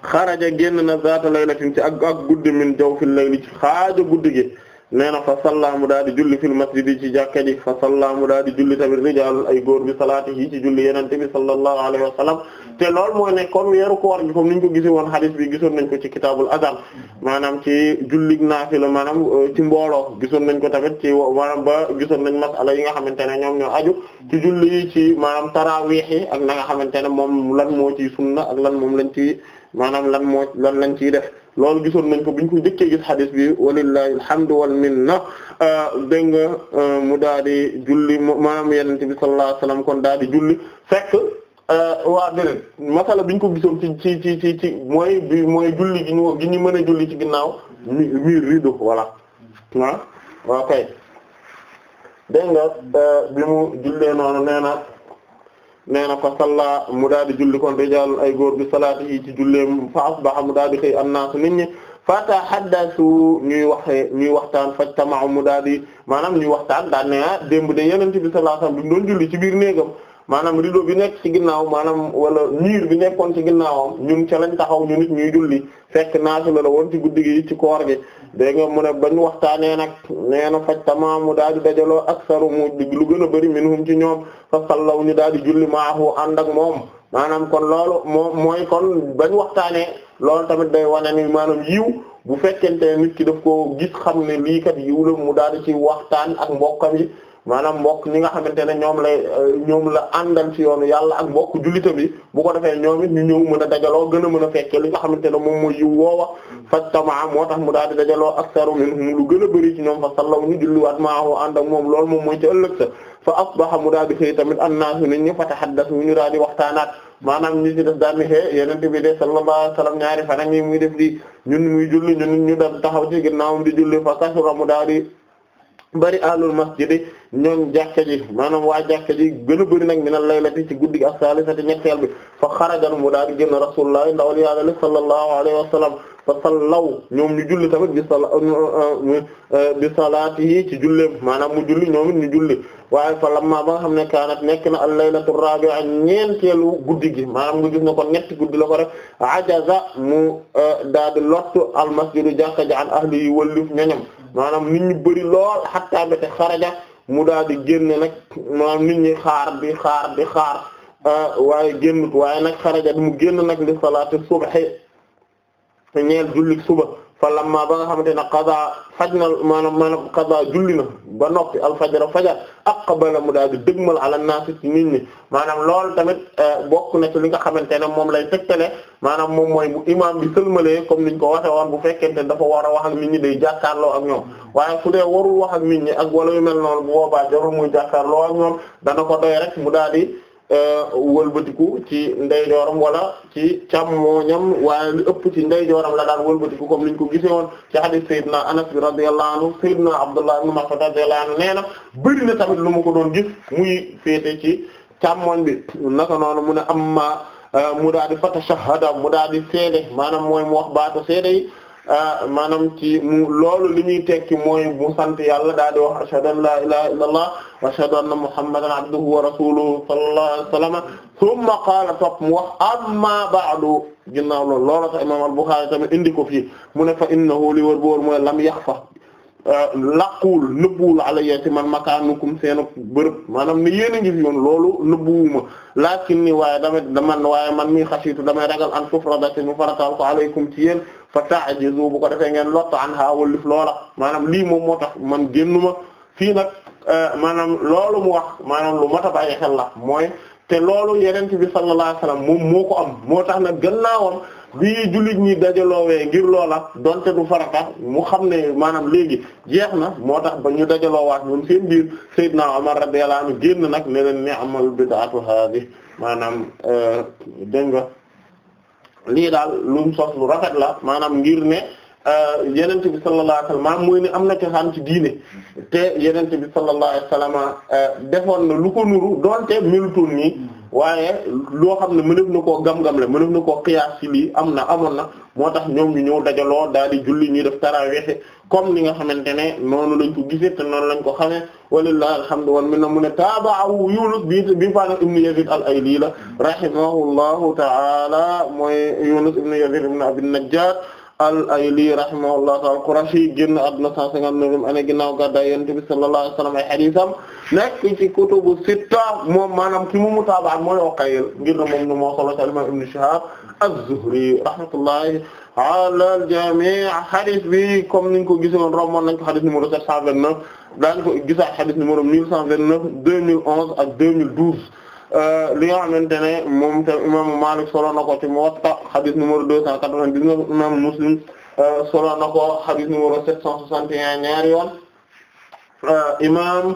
xaraja génn na zaata laylatin ci ak ak guddi min jawfil layli ci xaaja guddi gi nee na fa salla mu daal di julli fil masjid ci jàkka ji fa salla mu daal di julli tamit rijaal ay góor bi salaati yi ci julli yenente bi sallallahu alayhi wa sallam te loolu mooy ne comme weeru koor gi comme ni ñu ko gisee woon hadith bi gisoon nañ ko ci kitaabul azan maanaam ci jullig naafila maanaam euh, ci mbooloo gisoon nañ ko tamit ci maanaam ba gisoon nañ masala yi nga xamante ne ñoom ñoo aju ci julli ci maanaam tarawiix yi ak na nga xamante ne moom lan moo ciy sunna ak lan moom lañ ci maanaam lan moo lan lañ ciy def loolu gisoon nañ ko bu ñu ko njëkkee gis hadith bi walillahi alhamdu wal minna euh, dégg nga euh, mu daal di julli maanaam yonent bi sallallahu alayhi wasallam kon daal di julli fekk. Euh, waa déedéet masala bi ko gisoon ci ci ci ci ci mooy mooy julli gi ñu ñu mën a julli ci ginnaaw mi miir rido voilà kay dégg nga euh, bi mu jullee noonu nee na nee na fa salla mu daal di julli kon rijaal ay góor bi salaati ci julleem fa asbaha mu daal di xëy annaasu nit ñi fata haddasu ñuy waxe ñuy waxtaan fajtama'u mu daal di maanaam ñuy waxtaan daa ne ah de yonent bi sallallahu alayhi wasallam doon julli ci biir néegam maanaam rideau bi nekk ci ginnaaw maanaam wala niir bi nekkoon ci ginnaawam ñun ca lañ taxaw ñu nit ñuy julli fekk naa naafila la woon ci guddi gi ci koor gi dégg nga mu a bañ waxtaanee nag nee na faj tamaamu daal di dajaloo ak saru lu gën a bëri minhum ci ñoom fa sallaw ñu daal di julli maahu ànd ak moom maanaam kon loolu moom mooy kon bañ waxtaanee loolu tamit day wane ni maanaam yiw bu fekkente nit ki def ko gis xam ne lii kat yiw la mu daal di ci waxtaan ak mbokkam yi maanaam mbokk ñi nga xamante ne ñoom lay euh, ñoom la àndal ci yoonu yàlla ak mbokk jullitam yi bu ko defee ñoom it ñu ñëw mën a dajaloo gën a mën a fekke li nga xamante ne moom mooy yiw woowa fajtamaa moo tax mu daal di dajaloo aksaru minhum lu gën a bëri ci ñoom fa sallaw ñu julliwaat moom loolu moom mooy ci ëllëg sa fa asbaha mu daal di xëy tamit annaasu nit ñi fa tahaddasu ñu daal di waxtaanaat maanaam ñi ci def daal di xëy yonent bi de sallallahu alayhi wasallam ñaari fan ak ñi muy def di ñun muy julli ñun ñu dal taxaw ci ginnaawam di julli fa kasura mu daal di bari alul masjidi ñoom jàkka ji maanaam waa jàkka ji gën a bëri nag min al-laylati ci guddi gi as-saalisati ñetteel bi fa xaraja mu daal di génn rasulullah ndawal yàlla li sallallahu alayhi wa sallam fa sallaw ñoom ñu julli tamit bi sala uh, uh, uh, bi salaatihi ci julleem maanaam mu julli ñoom it ñu julli waaye fa lamma ba nga xam ne kaanat nekk na al-laylatu ar-rabi'a ñeenteelu guddi gi maanaam nga gis ne kon guddi la ko rek ajaza mu daal di lottu al-masjidu jàkka ji an ahli yi wëllif ñoñam maanaam nit ñu bëri lool xattaa bete xaraja mu daal di génn nag maanaam nit ñi xaar di xaar di xaar ah, waaye génnut waaye nag xaraja mu génn nag li salaatu subhi ñeel jullik suba fa lamma ba nga xamante ne qada faj na maanaam maanaam qada julli na ba noppi alfajara fajar aqbala mu daal di dëgmal ala naasi ci nit ñi maanaam lool tamit eh, bokk na ci li nga xamante ne moom lay tëgtale maanaam moom mooy bu imaam bi sëlmalee comme niñ ko waxe bu bu fekkente dafa war a wax ak mi ñi day jàkkaarloo ak ñoom waaye fu dee warul wax ak mi ñi ak wala yu mel noonu bu boobaa jarul muy jàkkaarloo ak ñoom dana ko doy rek mu daal di Euh, wëlbatiku ci ndeyjooram wala ci càmmooñam waaye li ëpp ci ndeyjooram la daan wëlbatiku comme niñ ko gisee woon ci hadith Seydina Anas bi radiyallahu anhu Seydina Abdullah ibn Mas'ud radiyallahu anhu nee na bëri na tamit lu mu ko doon gis muy féete ci càmmooñ bi naka noonu mu ne amma euh, mu daal di fatashahada mu daal di seede maanaam mooy mu wax baatu seede yi Ah, maanaam ci mu loolu li muy tekki mooy mu sant yàlla daal di wax ashhadu an la ilaha illa allah wa ashhadu anna muhammadan abduhu wa rasuluhu sallallahu alayhi wa sallam thumma qaala topp mu wax amma ba'du ginnaaw loolu loolu tax imam al-Bukhari tamit indi ko fii mu ne fa innahu li wër boor mooy lam yaxfa làquwul nëbbuwul alayya ci man makaanukum seen bërëb maanaam ne yéen a ngi fi woon loolu nëbbuwuma laakin ni waaye damit daman waaye man mi xasiitu damay ragal an tufrada ci ñu farataal ko alaykum ci yéen fa ta'jizu bu ko defee ngeen lott an ha wallif loola maanaam lii moom moo tax man génnuma fii nag eh, maanaam loolu mu wax maanaam lu mat a bàyyi xel mooy te loolu yeneen bi sallallahu alayhi wasallam moom moo ko am moo tax nag gannaawam bi jullit ñi dajaloowee ngir loola donte du farata mu xam ne maanaam léegi jeex na moo tax ba ñu dajaloowaat ñun seen biir Seydina Omar radiyallahu anhu génn nag ne leen ni'mal bid'atu haadi maanaam euh, dégg nga lii daal lu mu sos rafet la maanaam ngir ne Euh, yenent bi sallallahu alayhi wa sallam mooy ne am na cosaan ci diine te yenent bi sallallahu alayhi wa sallam euh, defoon na lu ko nuru donte melutoon nii waaye loo xam ne mënef na koo gam-gam le mënef na koo xiyaas ci lii am na amoon na moo tax ñoom ñu ñëw dajaloo daal di julli ñuy def taraweexe comme ni nga xamante ne noonu lañ ko gisee te noonu lañ ko xamee walillahi alhamdu wal minna mu ne taabaahu Yunus bi bi faa na ibnu Yazid al-Ayli la rahimahullahu ta'ala mooy Yunus ibnu Yazid ibnu Abi Najjar al-Ayli rahimahullahu ta'ala al-Qurashi génn àdduna 159 ane ginnaaw gàddaay Yonent bi sallallahu alayhi wa ay hadiisam nekk ci kutubu sitta moom maanaam ki mu mutaaba mooy Uqayl ngir na moom nu moo solo ci al-imaam Ibn Shihab az-Zuhri rahmatullahi ala al-jamii' hadiis bi comme niñ ko gisoon romboon nañ ko hadiis numéro 729 daañu ko gisaat hadiis numéro 1129 2011 ak 2012 li nga xamante ne moom tam imaamu Maalik solo na ko ci Muwatta xadis numéro deux cent quatre-vingt-dix-neuf imaamu Muslim euh, solo na ko xadis numéro sept cent soixante et un ñaari yoon euh, imaam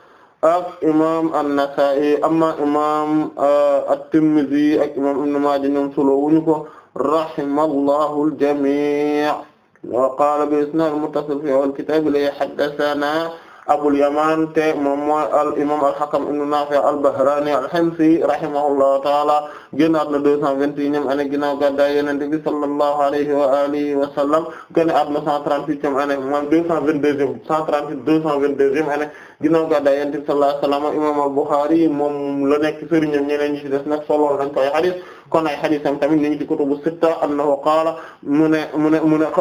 ak imam an-Nasa'i amma imam uh, at-Tirmidhi ak imam Ibn Maaja ñoom solo wuñu ko rahimallahu al-jami' wa qala bi isnad muttasil fi al-kitab li haddathana Abul Yaman te moom mooy al imam al-Hakam ibn Nafi' al-Bahrani al-Himsi rahimahullahu ta'ala génnaat na deux cent vingt et unième année ginnaaw gàddaay Yonent bi sallallahu alayhi wa alihi wa sallam génn àdduna cent trente-huitième moom deux cent vingt-deuxième cent trente-huit deux cent vingt-deuxième année ginnaaw gàddaay Yonent bi sallallahu alayhi wa sallam imam al-Bukhari moom la nekk sëriñam ñeneen ñi ci des solo dañ koy hadith kon ay haditham tamit ñu ngi ci sitta annahu qaala mu ne mu ne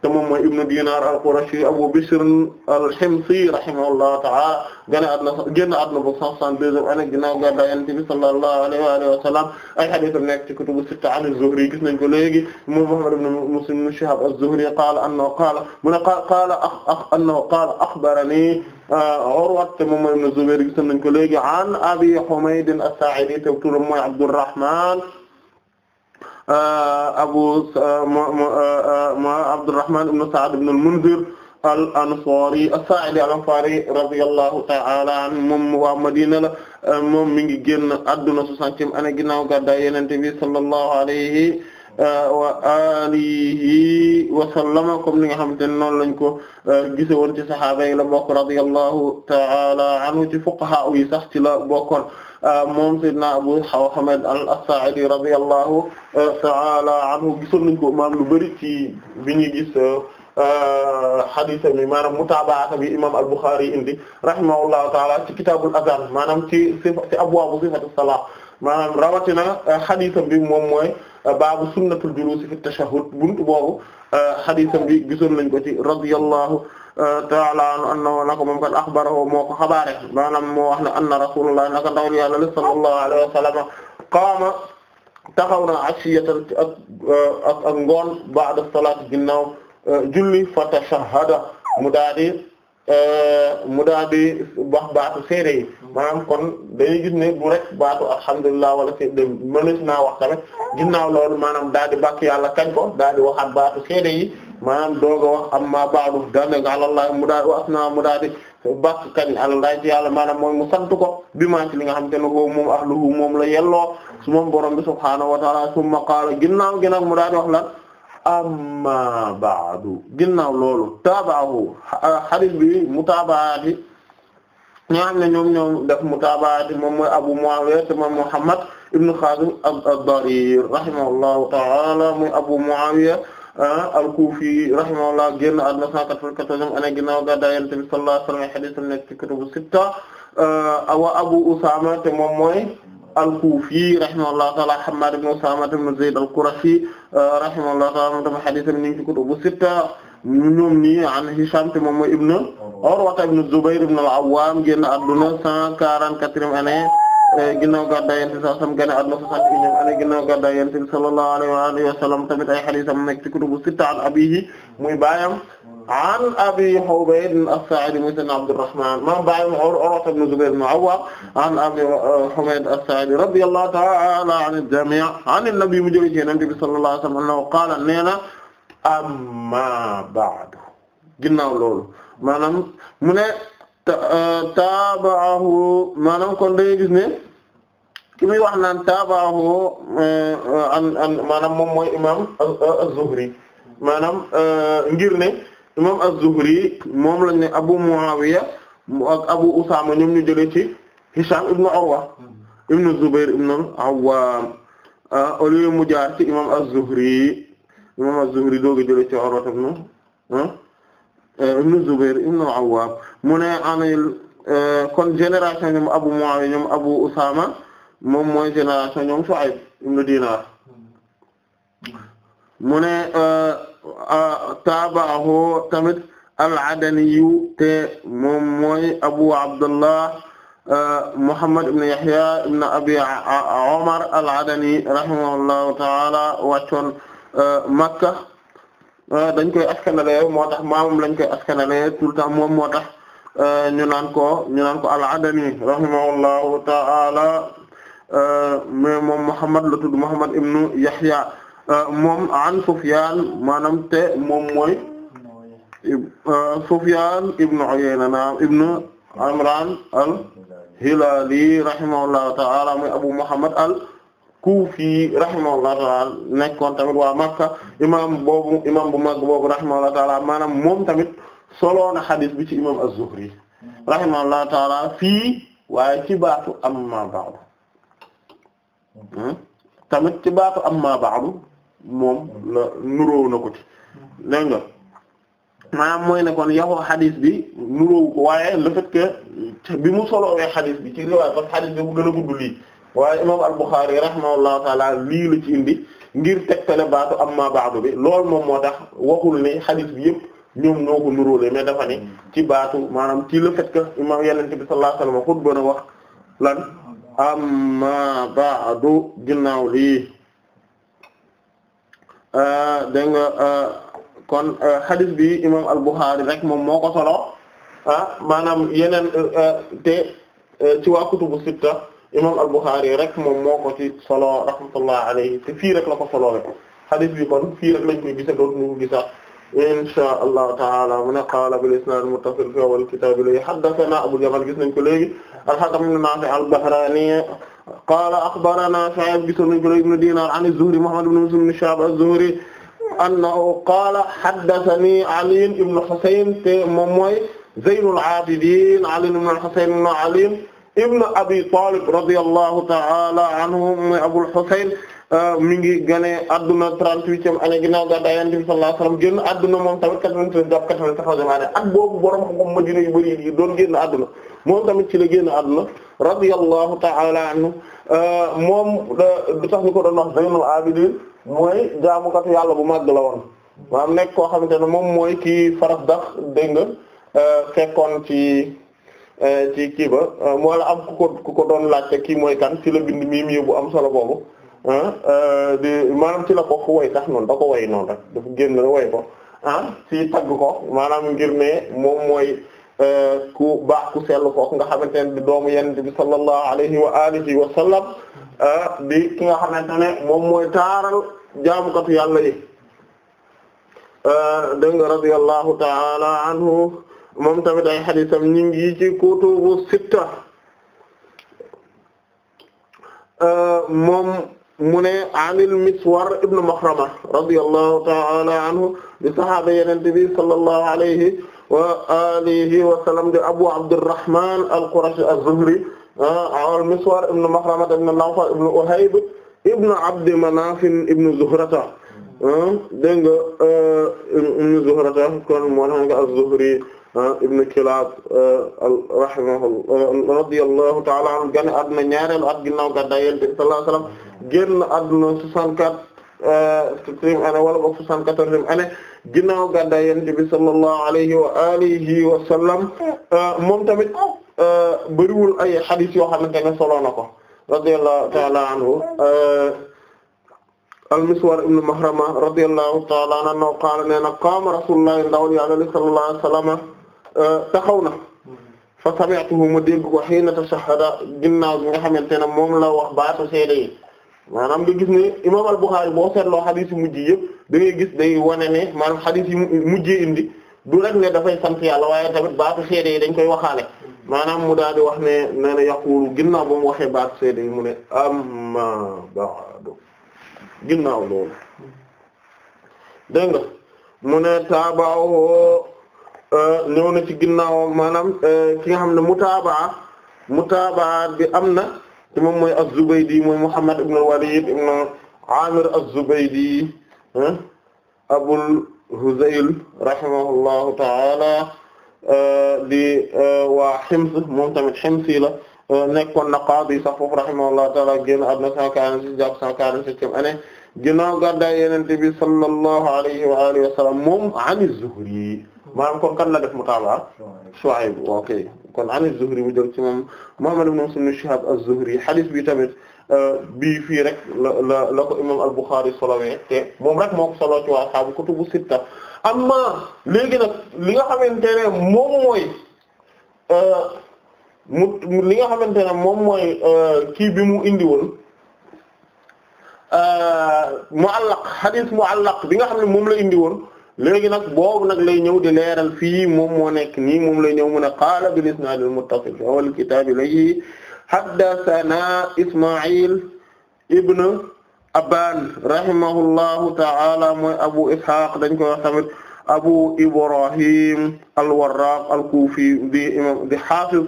te moom mooy ibnu dinar al-Qurashi Abu Bishr al-Himsi rahimahullahu ta'ala gane adna génn adna bu 162 ane ginnaaw gàddaay Yonent bi sallallahu alayhi wa alihi wa sallam ay hadith nekk ci kutubu sitta an az-Zuhri gis nañ ko léegi moom Muhammad ibn Muslim ibn Shihab az-Zuhri qaala annahu qaala mun qaala annahu qaala akhbarani uh, Urwa moom mooy ibn Zubayr gis nañ ko léegi an Abi Humayd as-Sa'idi te turam mooy Abdurrahman Euh, abu euh, euh, Abdurrahman ibn Sa'd ibn al-Mundhir al-Ansari as-Sa'idi al-Ansari radiyallahu ta'ala anhu moom waa Madina la moom mi ngi génn adduna soixantième année ginnaaw gàddaay Yonent bi sallallahu alayhi wa alihi wa sallama comme ni nga xamante ne noonu lañ ko gise woon ci sahaaba yi la bokk radiyallahu ta'ala anhu ci fuqaha yi sax ci la bokkoon Euh, moom Seydina Abu Hamid al-Sa'idi radiyallahu euh, ta'ala anhu gisoon nañ ko maam lu bari ci bi ñuy gis euh, hadith bi maanaam mutaabaata bi imaam al-Bukhari indi rahimahullahu ta'ala ci kitaabul azaan maanaam ci ci abwaabu sifatu salaat maanaam rawatina hadith bi moom mooy baabu sunnatul juluus fi tashahhud buntu boobu. Euh, xadisam bi gisoon nañ ko ci radiyallahu euh, ta'ala anhu annahu nako moom kat axbarahu moo ko xabaare maanaam moo wax ne anna rasulullah naka ndawal yàlla li sallallahu alayhi wa sallam qaama taxaw na ashiyatan ak euh, ak ak ngoon ba'da salaat ginnaaw julli fa tashahhada mu daadi Euh, mu daal di wax baatu seede yi maanaam kon dañuy gis ne bu rek baatu alhamdulilah wala seede mënees naa wax tamit ginnaaw loolu maanaam daal di bàkk yàlla kañ ko daal di waxaat baatu seede yi maanaam doog a wax amma ba'du daal di nga alhamdulilah mu daal di wax naa mu daal di bàkk kañ allah ci yàlla maanaam mooy mu sant ko bi maa ci li nga xam te ne boobu moom ahluhu moom la yelloo su moom bi subhaanahu wa ta'ala summa qaala ginnaaw mu daal wax lan. amma ba'du ginnaaw loolu taabaahu hadith bi mutaabaati ñi nga xam ne ñoom ñoom def mutaabaati moom mooy Abu Muawiya te moom Muhammad ibn Khazim ad-Darir rahimahullahu ta'ala mooy Abu Muawiya ah, al-Kufi rahimahullah génn àdduna 194 année ginnaaw gàddaay Yonent bi sallallahu alayhi wa sallam hadith nekk ci kutubu sitta ah, wa Abu Usama te moom mooy al-Kufi rahimahullahu ta'ala Hammad ibn Usama ibn Zayd al-Qurashi euh, rahimahullahu ta'ala moom tamit hadith am ñu ngi ci kutubu sitta ñoom an Hisham te moom mooy ibn Urwa ibn Zubayr ibn al-Awwam génn àdduna cent quarante-quatrième année euh, wa sallam génn àdduna soixante-et-unième année ginnaaw gàddaay Yonent bi sallallahu alayhi wa alihi wa sallam tamit ay hadith am kutubu sitta an abihi muy baayam an Abi Humayd as-Sa'idi muy sayyidina Abdurrahman mam bayyam Urwa ibn Zubayr ibn Awwam an Abi Humayd as-Sa'idi radiyallahu ta'ala anil jami' anin nabi mu jóge ci Yonent bi sallallahu alayhi wa sallam annahu qaala nee na amma ba'du ginnaaw loolu maanaam mu ne taabaahu maanaam kon dañuy gis ne ki muy wax naan taabaahu an an maanaam moom mooy imam az-Zuhri maanaam ngir ne imam az moom lañ ne Abu Muawiya ak Abu Usama ñoom ñu jëlee ci Hisham ibn Urwa ibn Zubair ibn al-Awwam ah, au lieu mu jaar ci imam az-Zuhri imam az-Zuhri dooga jëlee ci Urwa ibn Zubair ah, eh, ibn al mu ne ana eh, kon génération ñoom Abu Muawiya ñoom Abu Usama moom mooy génération ñoom Shu'ayb ibn Dinar mu ne eh, taabahu tamit al-Adaniyu te moom mooy Abu Abdullah Muhammad ibn Yahya ibn Abi Omar al-Adani rahimahullahu ta'ala wàccoon Makka dañ koy askanale moo tax maamam lañ koy askanale tout le temps moom moo tax ñu naan ko ñu naan ko al-Adani rahimahullahu ta'ala mais moom Muhammad la tudd Muhammad ibn Yahya Euh, moom an Sufyaan maanaam te moom mooy euh, Sufyaan ibnu Uyayna naam ibnu Imraan al-Hilaali rahimahullahu ta'ala mooy Abu Muhammad al-Kuufi rahimahullahu ta'ala nekkoon tamit waa Makka imaam boobu imaam bu mag boobu rahimahullahu ta'ala maanaam moom tamit solo na xadis bi ci imaam az-Zuhri rahimahullahu ta'ala fii waaye ci baatu amma ba'du hmm? tamit ci baatu amma ba'du moom la nuróowu na ko ci dégg nga maanaam mooy ne kon yaxoo xadis bi nuróowu waaye le fait que bi mu solowee xadis bi ci riwaay parce que xadis bi bu gën a gudd lii waaye imam al-Bukhari rahimahullahu taala lii la ci indi ngir tegtale baatu ma ba'du bi lool moom moo tax waxul ne xadis bi yëpp ñoom ñoo ko nuróole mais dafa ne ci baatu maanaam ci le fait que imam yenente bi sallallahu alayhi wasallam xutba na wax lan amma ba'du ginnaaw lii Euh, dégg nga euh, kon euh, hadith bi imam al-Bukhari rek moom moo ko solo ah maanaam yeneen te ci waa kutubu sitta imam al-Bukhari rek moom moo ko ci solo rahmatullah alayhi te fii rek la ko solo rek hadith bi kon fii rek lañ koy gisa dootuñu ko gisa insha allahu taala mu ne qaala bil isnaad muttasil fi awwal kitaab li haddathana Abu Jamal gis nañ ko léegi al-Hakam ibn Naafi' al-Bahraani qaala axbarana Shu'ayb gis nañ ko ibn Dinar an az-Zuhri Muhammad ibn Muslim ibn Shihab az-Zuhri annahu qaala haddathani Ali ibn Husayn te moom mooy Zaynul Abidin Ali ibn Husayn ibn Ali ibn Abi Talib radiyallahu ta'ala anhu mooy Abul Husayn euh, mi ngi gane adduna 38e année ginnaaw gàddaay Yonent bi sallallahu alayhi wasallam génn adduna moom tamit 93 jàpp 94 at boobu borom xam-xam Madina yu bari yi doon génn adduna moom tamit ci la génn àdduna radiyallahu ta'ala anhu euh, moom euh, du tax ñu ko doon wax Zaynul Abidin mooy jaamukatu yàlla bu màgg la woon maanaam nekk koo xamante ne moom mooy kii faras dax dégg nga euh, fekkoon ci ci kii ba moo la am ku ko ku ko doon laajte kii mooy kan ci la bind mii mii bu am solo boobu di maanaam ci la ko fu way tax noonu da ko woy noonu rek dafa génn way ko ah ci tagg ko maanaam ngir ne moom mooy ku baax ku sell kooku nga xamante ne di doomu yenente bi sallallahu alayhi wa alihi ah, di ki nga xamante ne moom mooy taaral jaamukatu yàlla yi ah, dégg nga radiyallahu ta'ala anhu moom tamit ay xadisam ñi ngi ci kutubu sitta ah, moom mu ne anil Miswar ibn Makhrama radiyallahu ta'ala anhu di sahaaba yenente bi sallallahu alayhi wa alihi wa sallam di Abu Abdurrahman al-Qurashi az-Zuhri ah, al-Miswar ibn Makhramah ibn Nawfal ibn Uhayb ibn Abd Manaf ibn Zuhrata ah, dégg nga ah, ibn Zuhrata kon moo tax nga az-Zuhri ibn Kilab rahimahullah radiyallahu ta'ala anhu génn àdduna ñaareelu at ginnaaw gàddaay Yonent bi sallallahu alayhi wa sallam génn àdduna 64 wala boog 74 année ginnaaw gàddaay yonent bi sallallahu alayhi wa alihi wa sallam ah, moom tamit ah, bëriwul ay hadith yoo xamante ne solo na ko radiyallahu ta'ala anhu ah, al-Miswar ibn Mahrama radiyallahu ta'ala anhu qaala nee na qaama rasulullah ndawal yàlla li sallallahu alayhi wa sallam taxaw na fa sami'tuhu mu dégg ko hiina tashahhada ginnaaw bi nga xamante ne moom la wax baatu seede yi maanaam nga gis ne imam al-Bukhârî boo seetloo xadis yu mujj yëpp da ngay gis day wane ne maanaam xadis yi mujj indi du rek ne dafay sant yàlla waaye tamit baatu seede yi dañ koy waxaale maanaam mu daal di wax ne nee na yaqulu ginnaaw ba mu waxee baatu seede yi mu ne amma ba'du ginnaaw loolu dégg mu ne taabawoo eh, ci ginnaaw maanaam eh, ki nga xam ne mutaabaa mutaabaa bi am na te moom mooy az-Zubaydi mooy Muhammad ibn al-Walid ibn Amir az-Zubaydi Abul Huzayl rahimahullahu ta'ala euh, di euh, waa Hims moom tamit Himsi la euh, nekkoon na qaadi sax foofu rahimahullahu ta'ala génn àdduna 146 jàpp 147 année ginnaaw gàddaay Yonent bi sallallahu alayhi wa alihi wa sallam moom an az-Zuhri maanaam kon kan la def mutaaba Shu'ayb ok kon an az-Zuhri mu jël ci moom Muhammad ibn Muslim ibn Shihab az-Zuhri hadith bi tamit euh, bii fii rek la la la ko imam al-Bukhari solowee te moom rek moo ko solo ci waa xaabu kutubu sitta amma léegi nag li nga xamante ne moom mooy euh, mu li nga xamante ne moom mooy euh, kii bi mu indi woon muallaq hadith muallaq bi nga xam ne moom la indi woon léegi nag boobu nag lay ñëw di leeral fii moom moo nekk nii moom lay ñëw mu ne qaala bil isnaad al muttasil fi awwal kitaab ilayhi haddathana Isma'il ibn Abban rahimahullahu ta'ala mooy Abu Ishaq dañ koy wax tamit Abu Ibrahim al-Warraq al-Kufi di imam di hafiz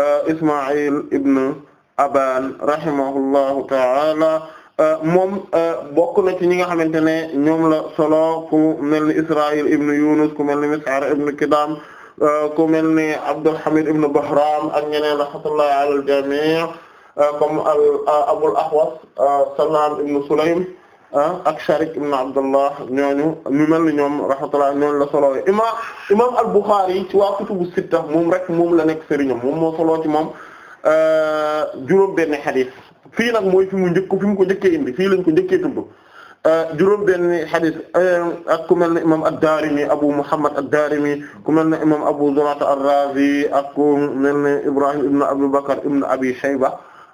euh, Isma'il ibn Abban rahimahullahu ta'ala Euh, moom euh, bokk na ci ñi nga xamante ne ñoom la solo ku mel ni Israa'il ibn Yunus ku mel ni Mis'ar ibn Kidam euh, ku mel ni Abdul Hamid ibn Bahram ak ñeneen rahmatullahi ala al-jami' comme Abul Ahwas Sallam ak Sharik ibn Abdullah ñooñu ñu mel ni ñoom rahmatullah ñooñu la solo imaam imaam al-Bukhari ci waa kutubu sitta moom rek moom la nekk sëriñam moom moo solo ci moom juróom benn hadith. fii nag mooy fi mu njëkk fi mu ko njëkkee indi fii lañ ko njëkkee tudd euh, juróom benn xadis euh, ak ku mel ne imam ad-Daarimi Abu Muhammad ad-Daarimi ku mel ne imam Abu Zur'a ar-Raazi ak ku mel ne Ibrahim ibn Abu Bakr ibn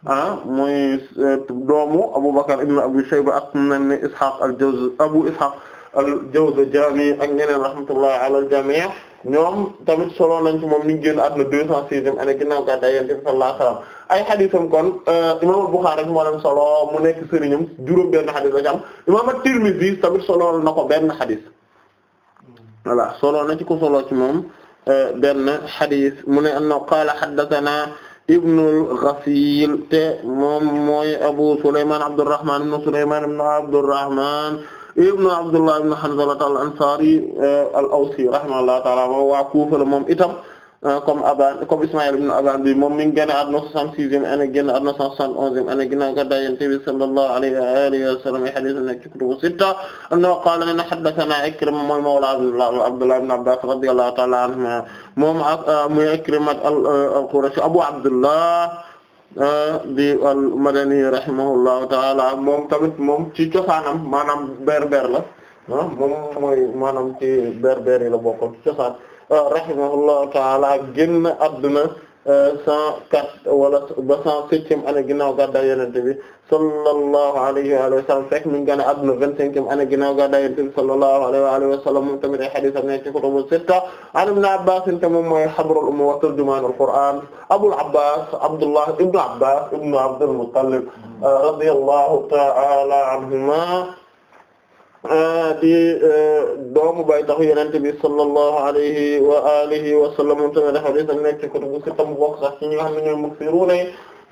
ah, mooy euh, doomu Abu Bakr ibn Abi Shayba ak ku mel ne Ishaq al-Jawz Abu Ishaq al ak ñeneen rahmatullahi ala al-jamii' ñoom tamit solo nañ ci moom ñu ngi génn àdduna deux cent sixième année ginnaaw gàddaay Yonent bi sallallahu alayhi ay xadisam kon euh, imam Bukhari rek moo leen solo mu nekk sëriñam juróom benn xadis la ci am imam at tamit solo na ko benn xadis voilà solo na ci ko solo ci moom euh, benn xadis mu ne anna qaala haddathana Ibnul Ghasil te moom mooy Abu Sulayman Abdurrahman ibn Sulayman ibn Abdurrahman ibnu Abdullah ibn Hanzala al-Ansari eh, al-Awsi rahimahullahu ta'ala moom waa Kufa la moom itam eh, comme Aban comme Ismaïl ibn Aban bi moom mi ngi génn àdduna 66e année génn àdduna 171e année ginnaaw gàddaay Yonent bi sallallahu alayhi wa alihi wa sallam hadith nekk ci kutubu sitta annahu qaala lana haddathana Ikrima mooy mawla Abdullah ibn Abbas radiyallahu ta'ala anhuma moom ak eh, muy Ikrima al-Qurashi Abu Abdullah Ah, di al madani rahimahullahu taala moom tamit moom ci cosaanam maanaam berber la ah moom mooy maanaam ci berber yi la bokkoon ci cosaan ah, rahimahullahu taala génn adduna cent quatre wala ba cent septième année ginnaaw gàddaay yonent bi sallallahu alayhi wa sallam fekk mi ngi gën a adduna vingt-cinquième année ginnaaw gàddaay yonent bi sallallahu alayhi wa sallam moom tamit ay hadith am nekk ci kutubu sitta an ibn Abbas te moom mooy habrul umma wa turjumanul Qur'an Abul Abbas Abdullah ibn Abbas ibn Abdul Muttalib radiyallahu ta'ala anhuma Eh, di eh, doomu bay taxu yenente bi sallallahu alayhi wa alihi wa sallam moom tamit hadith ak nekk ci kutubu sitta mu bokk sax ci ñi nga xam ne ñooy muksiruna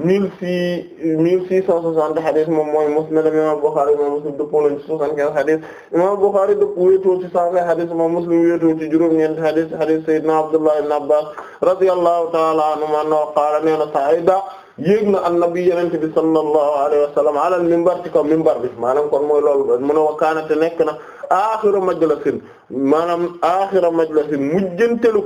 mille six mille six cent soixante hadith moom mooy musnad imam Bukhari imam Muslim dëppoo lañ ci soixante-quinze hadith imam Bukhari dëpp wéetoo ci cent vingt hadith imam Muslim wéetoo ci juróom-ñeenti hadith hadith sayyidina Abdullah ibn Abbas radiyallahu ta'ala anhuma qaala nee na yéeg na annabi yenente bi sallallahu alayhi wa sallam alal minbar ci kaw minbar bi maanaam kon mooy loolu mun a wakaanate nekk na axira majlisin maanaam axira majlisin mujjantelu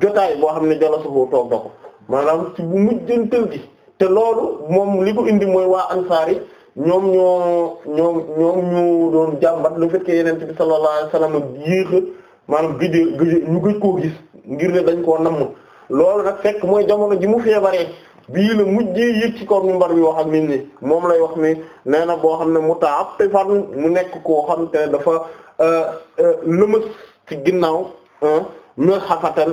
jotaay boo xam ne jalasuhu toog da ko maanaam ci bu mujjantel gi te loolu moom li ko indi mooy waa ansaar yi ñoom ñoo ñoom ñoom ñu doon jàmbat lu fekkee yenente bi sallallahu alayhi wa sallam yéex a maanaam gëj gëj ñu gëj koo gis ngir ne dañ koo namm loolu nag fekk mooy jamono ji mu feebaree bii la mujjee yëg ci kaw minbar bi wax ak nit ñi moom lay wax ni nee na boo xam ne muta'attifan mu nekk koo xam te dafa euh, euh, lëmës ci ginnaaw mel xafatan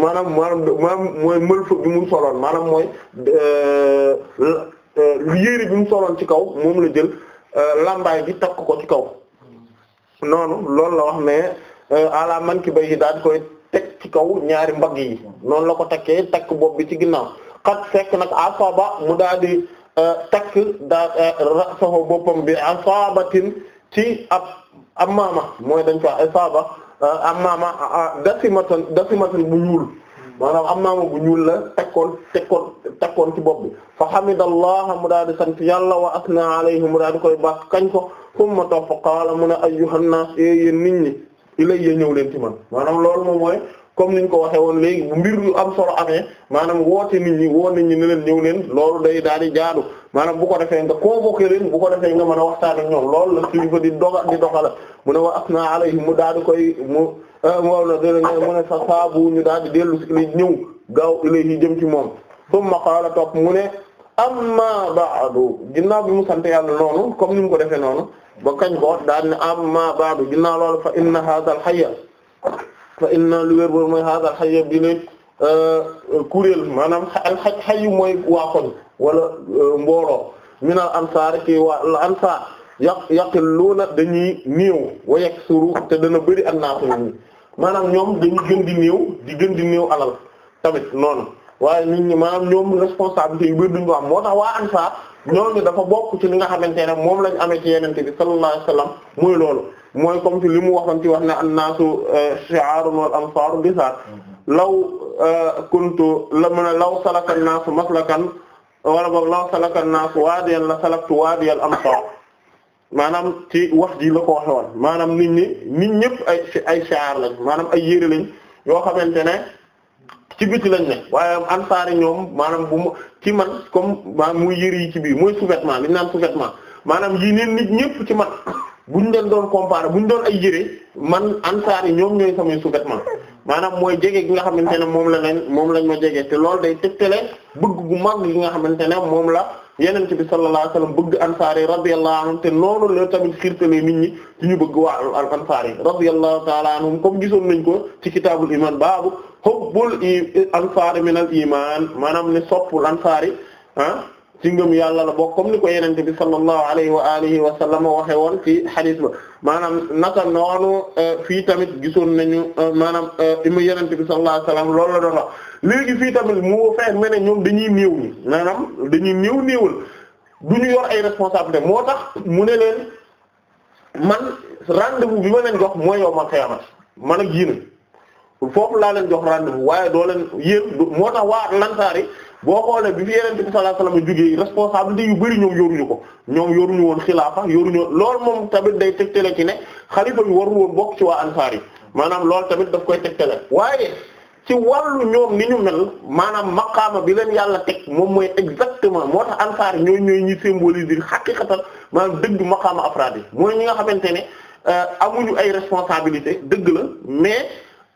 maanaam maanaam mooy mëlfa bi mu soloon maanaam mooy euh, yére bi mu soloon ci kaw moom la jël lambaay bi takk ko ci kaw noonu loolu la wax ne ala man ki bay yi daal koy teg ci kaw ñaari mbagg yi noonu la ko takkee takk bopp bi ci ginnaaw qad fekk nag asaba mu daal di euh, takk daa euh, rasahu boppam bi asabatin ci ab amama mooy dañ ko asaba euh, amama dasimatan dasimatan bu ñuul maanaam amama bu ñuul la tekkoon tekkoon tekkoon ci bopp bi fa hamidallah mu daal di sant yàlla wa asna alayhi mu daal di koy baax kañ ko summa topp qaala mu ne ay nas yéen nit ilay ya ñëw leen ci man maanaam loolu moom comme niñ ko waxee woon léegi mbir lu am solo amee maanaam woote nit ñi woo nit ñi ne leen ñëw leen loolu day daal di jaadu maanaam bu ko defee nga convoqué leen bu ko defee nga mën a waxtaan ak ñoom loolu la suñu fa di doga di doxala mu ne wa asna alayhi mu daal di koy mu ah, moom la dén mu ne sa saabu ñu daal di dellu si li ñëw gaaw ilayhi jëm ci moom summa qaala toog mu ne amma ba'du ginnaaw bi mu sant yàlla noonu comme ni mu ko defee noonu ba kañ ko daal ne amma ba'du ginnaaw loolu fa inna hadha al hayya fa inna lu wér boobu mooy xaaral xay bi ne euh, kuréel maanaam xay xayu mooy waa koñ wala euh, mbooloo minal ansaar ci waa ansaar yàq na dañuy néew wa yaksuru te dana bëri ak naasu ñi maanaam ñoom dañu gën di néew di gën di néew alal tamit noonu waaye nit ñi maanaam ñoom responsabilité yu bëri duñ ko am moo tax waa ansaar ñooñu dafa bokk ci li nga xamante ne moom lañ amee ci yenente bi sallallahu alayhi wasallam muy loolu mooy comme ci li mu waxoon ci wax ne annaasu euh, shi'arun wal ansaaru lisaan mm-hmm. law euh, kuntu la mën a law salaka annaasu maslakan wala boog law salaka annaasu waadiyan la salaktu waadiyal ansaar maanaam ci wax ji la ko waxe woon maanaam nit ñi nit ñëpp ay ay shi'ar lañ maanaam ay yére lañ yoo xamante ne ci biti lañ ne waaye ansaari ñoom maanaam bu mu ci man comme maanaam muy yére yi ci biir mooy sous-vêtement li ñu naan sous-vêtement maanaam yii nit ñëpp ci man bu ñu leen doon bu ñu doon ay yére man ansaar yi ñoom ñooy samay sous-vêtements maanaam mooy jege gi nga xamante ne moom la leen moom lañ ma jege te loolu day tëgtale bëgg gu mag gi nga xamante ne moom la yeneen ci bi sallallahu alayhi wasallam bëgg ansaar yi radiyallahu anhum te noonu la tamit xiirtalee nit ñi ci ñu bëgg waa al ansaar yi radiyallahu ta'ala anhum comme gisoon nañ ko ci kitaabul iman baabu hubbul ansaar min al iman maanaam ne soppul ansaar yi ah. ci ngëm yàlla la bokk comme ni ko yenente bi sallallahu alayhi wa alihi wa sallam waxe woon ci xadis ba maanaam naka noonu euh, fii tamit gisoon nañu euh, maanaam euh, imu yenente bi sallallahu alayhi wa loolu la doon wax léegi fii tamit mu feex me ne ñoom dañuy néew ñi maanaam dañuy néew néewal du ñu yor ay responsabilité moo tax mu ne leen man rendez-vous bi ma leen jox mooy yow ma xiyaamat man ak yéen foofu laa leen jox rendez-vous waaye doo leen yéen moo tax waa lansaar yi boo xoolee bi fi yeneen bi sallallahu alayhi wasallam jógee responsabilité yu bari ñoom yoruñu ko ñoom yoruñu woon xilaafa yoruñu lool moom tamit day tegtale ci ne xalifa bi waru woon bokk ci waa ansaar yi maanaam loolu tamit daf koy tegtale waaye ci wàllu ñoom ni ñu mel maanaam maqaama bi leen yàlla teg moom mooy exactement moo tax ansaar ñooy ñooy ñi symboliser xaqiqatan maanaam dëgg maqaama afraad yi mooy ñi nga xamante ne euh, amuñu ay responsabilité dëgg la mais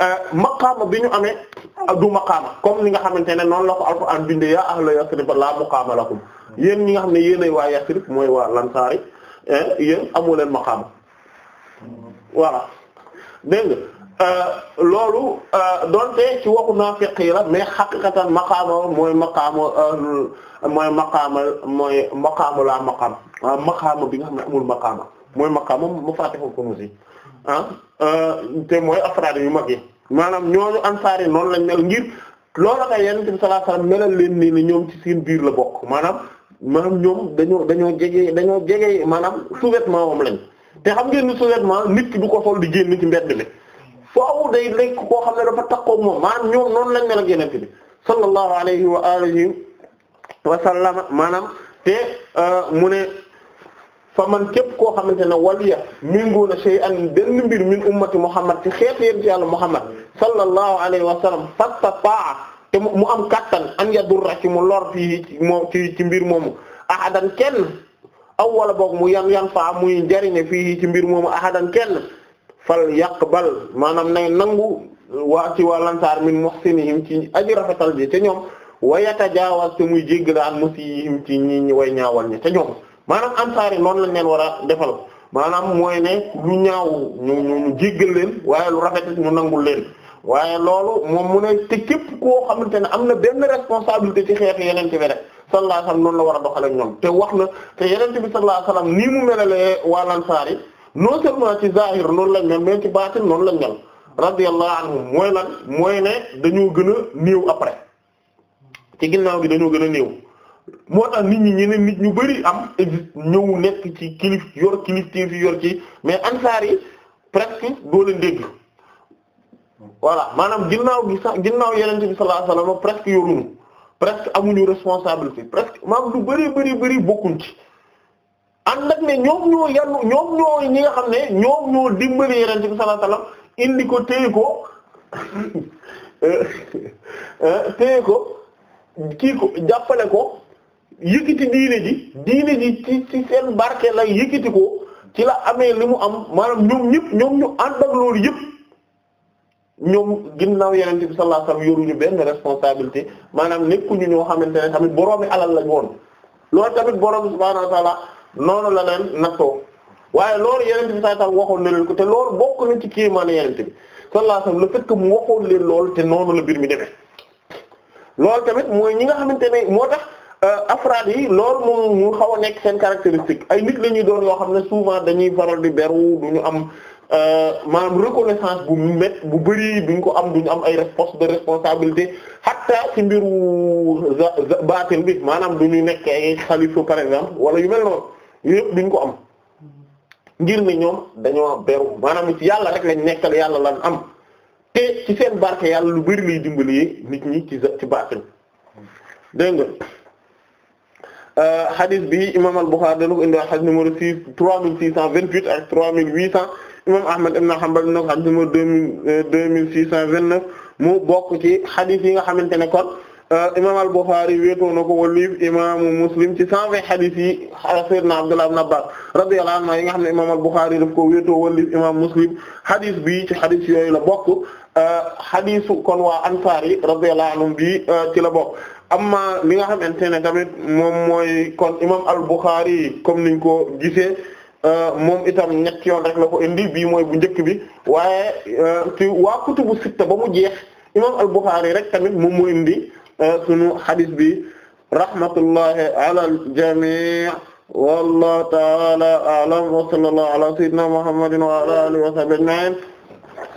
Euh, maqaama bi ñu amee du maqaama comme ni nga xamante ne noonu la ko alxuraan bindee yaa ahla yasrib laa muqaama lakum yéen ñi nga xam ne yéenay waa yasrib mooy waa lansaari yéen amu leen maqaama voilà dégg euh, loolu euh, donte ci waxu naafiq yi la mais xaqiqatan maqaama mooy maqaama mooy maqaama mooy maqaama laa maqaam ah, maqaama bi nga xam ne amul maqaama mooy maqaama mu fàtte ko konusi ah euh, te mooy afraad yu mag yi maanaam ñooñu ansaar yi noonu lañ mel ngir loolu la yonent bi sallallahu alayhi melal leen nii ne ñoom ci seen biir la bokk maanaam maanaam ñoom dañoo dañoo jege dañoo jege maanaam sous-vêtement moom lañ te xam ngeen ni sous-vêtement nit ki du ko sol di génn ci mbedd bi foofu day lekk koo xam ne dafa takkoog moom maanaam ñoom noonu lañ mel ak yonent bi sallallahu alayhi wa alihi wa maanaam te euh, mu ne. fa man képp koo xamante ne waliya méngoo na shay'an benn mbir min ummati muhammad ti xeet yéen ci yàlla muhammad sallallahu alayhi wa sallam te mu am kattan an yadurra ci mu lor fii moom ci ci mbir moomu ahadan kenn aw wala mu yan yan faa muy njariñe fii ci mbir moomu ahadan kenn fal yaqbal maanaam nay nangu waa ci waa lansaar min muhsinihim ci aji rafetal ji te ñoom wa yatajaawaz te muy jéggal an musiyihim ci ñi way ñaawal ñi te ñoom maanaam ansaar yi noonu lañ leen war a defal maanaam mooy ne lu ñaaw ñu ñu jéggal leen waaye lu rafet ñu nangul leen waaye loolu moom mu ne te képp koo xamante ne am na benn responsabilité ci xeetu yeneen bi rek sallallahu alayhi wasallam noonu la war a doxale ñoom te wax na te yeneen bi sallallahu alayhi wasallam nii mu melalee wal ansaar yi non seulement ci zahir noonu lañ mel mais ci baatin noonu lañ mel radiyallahu anhum mooy lan mooy ne dañoo gën a néew après ci ginnaaw gi dañoo gën a néew. moo tax nit ñi ñeneen nit ñu bari am ñëw nekk ci kilif yor kilif ci fi yor ci mais ansaar yi presque doo leen dégg voilà maanaam ginnaaw gi sax ginnaaw yenente bi sallallahu alayhi wasallam presque yoruñu presque amuñu responsabilité presque maam lu bari bari bari bokkuñ ci ànd ak ne ñoom ñoo yannu ñoom ñoo ñi nga xam ne ñoom ñoo dimbali yenente bi sallallahu alayhi wasallam indi ko téye ko eh, eh, téye ko kii ko jàppale ko yëkkati diine ji diine ji ci ci seen barke la yëkkati ko ci la amee li mu am maanaam ñoom ñëpp ñoom ñu ànd loolu yëpp ñoom ginnaaw yenente bi sallallahu alayhi wasallam ñu benn responsabilité maanaam nekkuñu ñoo xamante ne tamit boroomi alal lañ woon loolu tamit boroom subhaanahu wa ta'ala noonu la leen nattoo waaye loolu yenente bi sallallahu alayhi wasallam waxoon na leen ko te loolu bokk ci kéimaane yenente bi sallallahu alayhi wasallam le mu waxoon leen lool te noonu la mbir mi demee loolu tamit mooy ñi nga xamante ne moo tax Euh, afraad yi loolu moom mu xaw a nekk seen caractéristique ay nit la ñuy doon yoo xam ne souvent dañuy faral di beru duñu am euh, maanaam reconnaissance bu met bu bëri buñ ko am ñu am ay poste de responsabilité hatta ci mbiru baatil bi maanaam duñu nekk ay xalifa par exemple wala yu mel noonu yëpp duñ ko am ngir ne ñoom dañoo beru maanaam ci yàlla rek lañ nekkal yàlla lan am te ci seen barke yàlla lu bëri lay dimbali nit ñi ci ci baatil xadis euh, bi imam al-Bukhari dana ko indi xadis numéro six trois mille six cent vingt huit ak trois mille huit cent imam Ahmad ibn Hanbal dina ko xadis numéro euh, deux mille six cent vingt neuf mu bokk ci xadis yi nga xamante ne kon euh, imam al-Bukhari wéetoo na ko waliif imaamu Muslim ci cent vingt xadis yi sayyidina Abdullah ibn Abbas radiyallahu anhu yi nga xam ne imam al-Bukhari daf ko wéetoo waliif imam Muslim xadis bi ci xadis yooyu la bokk xadisu kon waa Ansaari radiyallahu anhum bi ci la bokk amma li nga xamante ne tamit moom mooy kon imam al-Bukhari kom niñ ko gisee euh, moom itam ñett yoon rek la ko indi bii mooy bu njëkk bi waaye euh, ci waa kutubu sitta ba mu jeex imam al-Bukhari rek tamit moom mu indi euh, sunu hadith bi rahmatullahi ala al-jami' ta'ala a'lam wa sallallahu ala sayyidina muhammadin wa ala alihi wa sahbihi ajma'in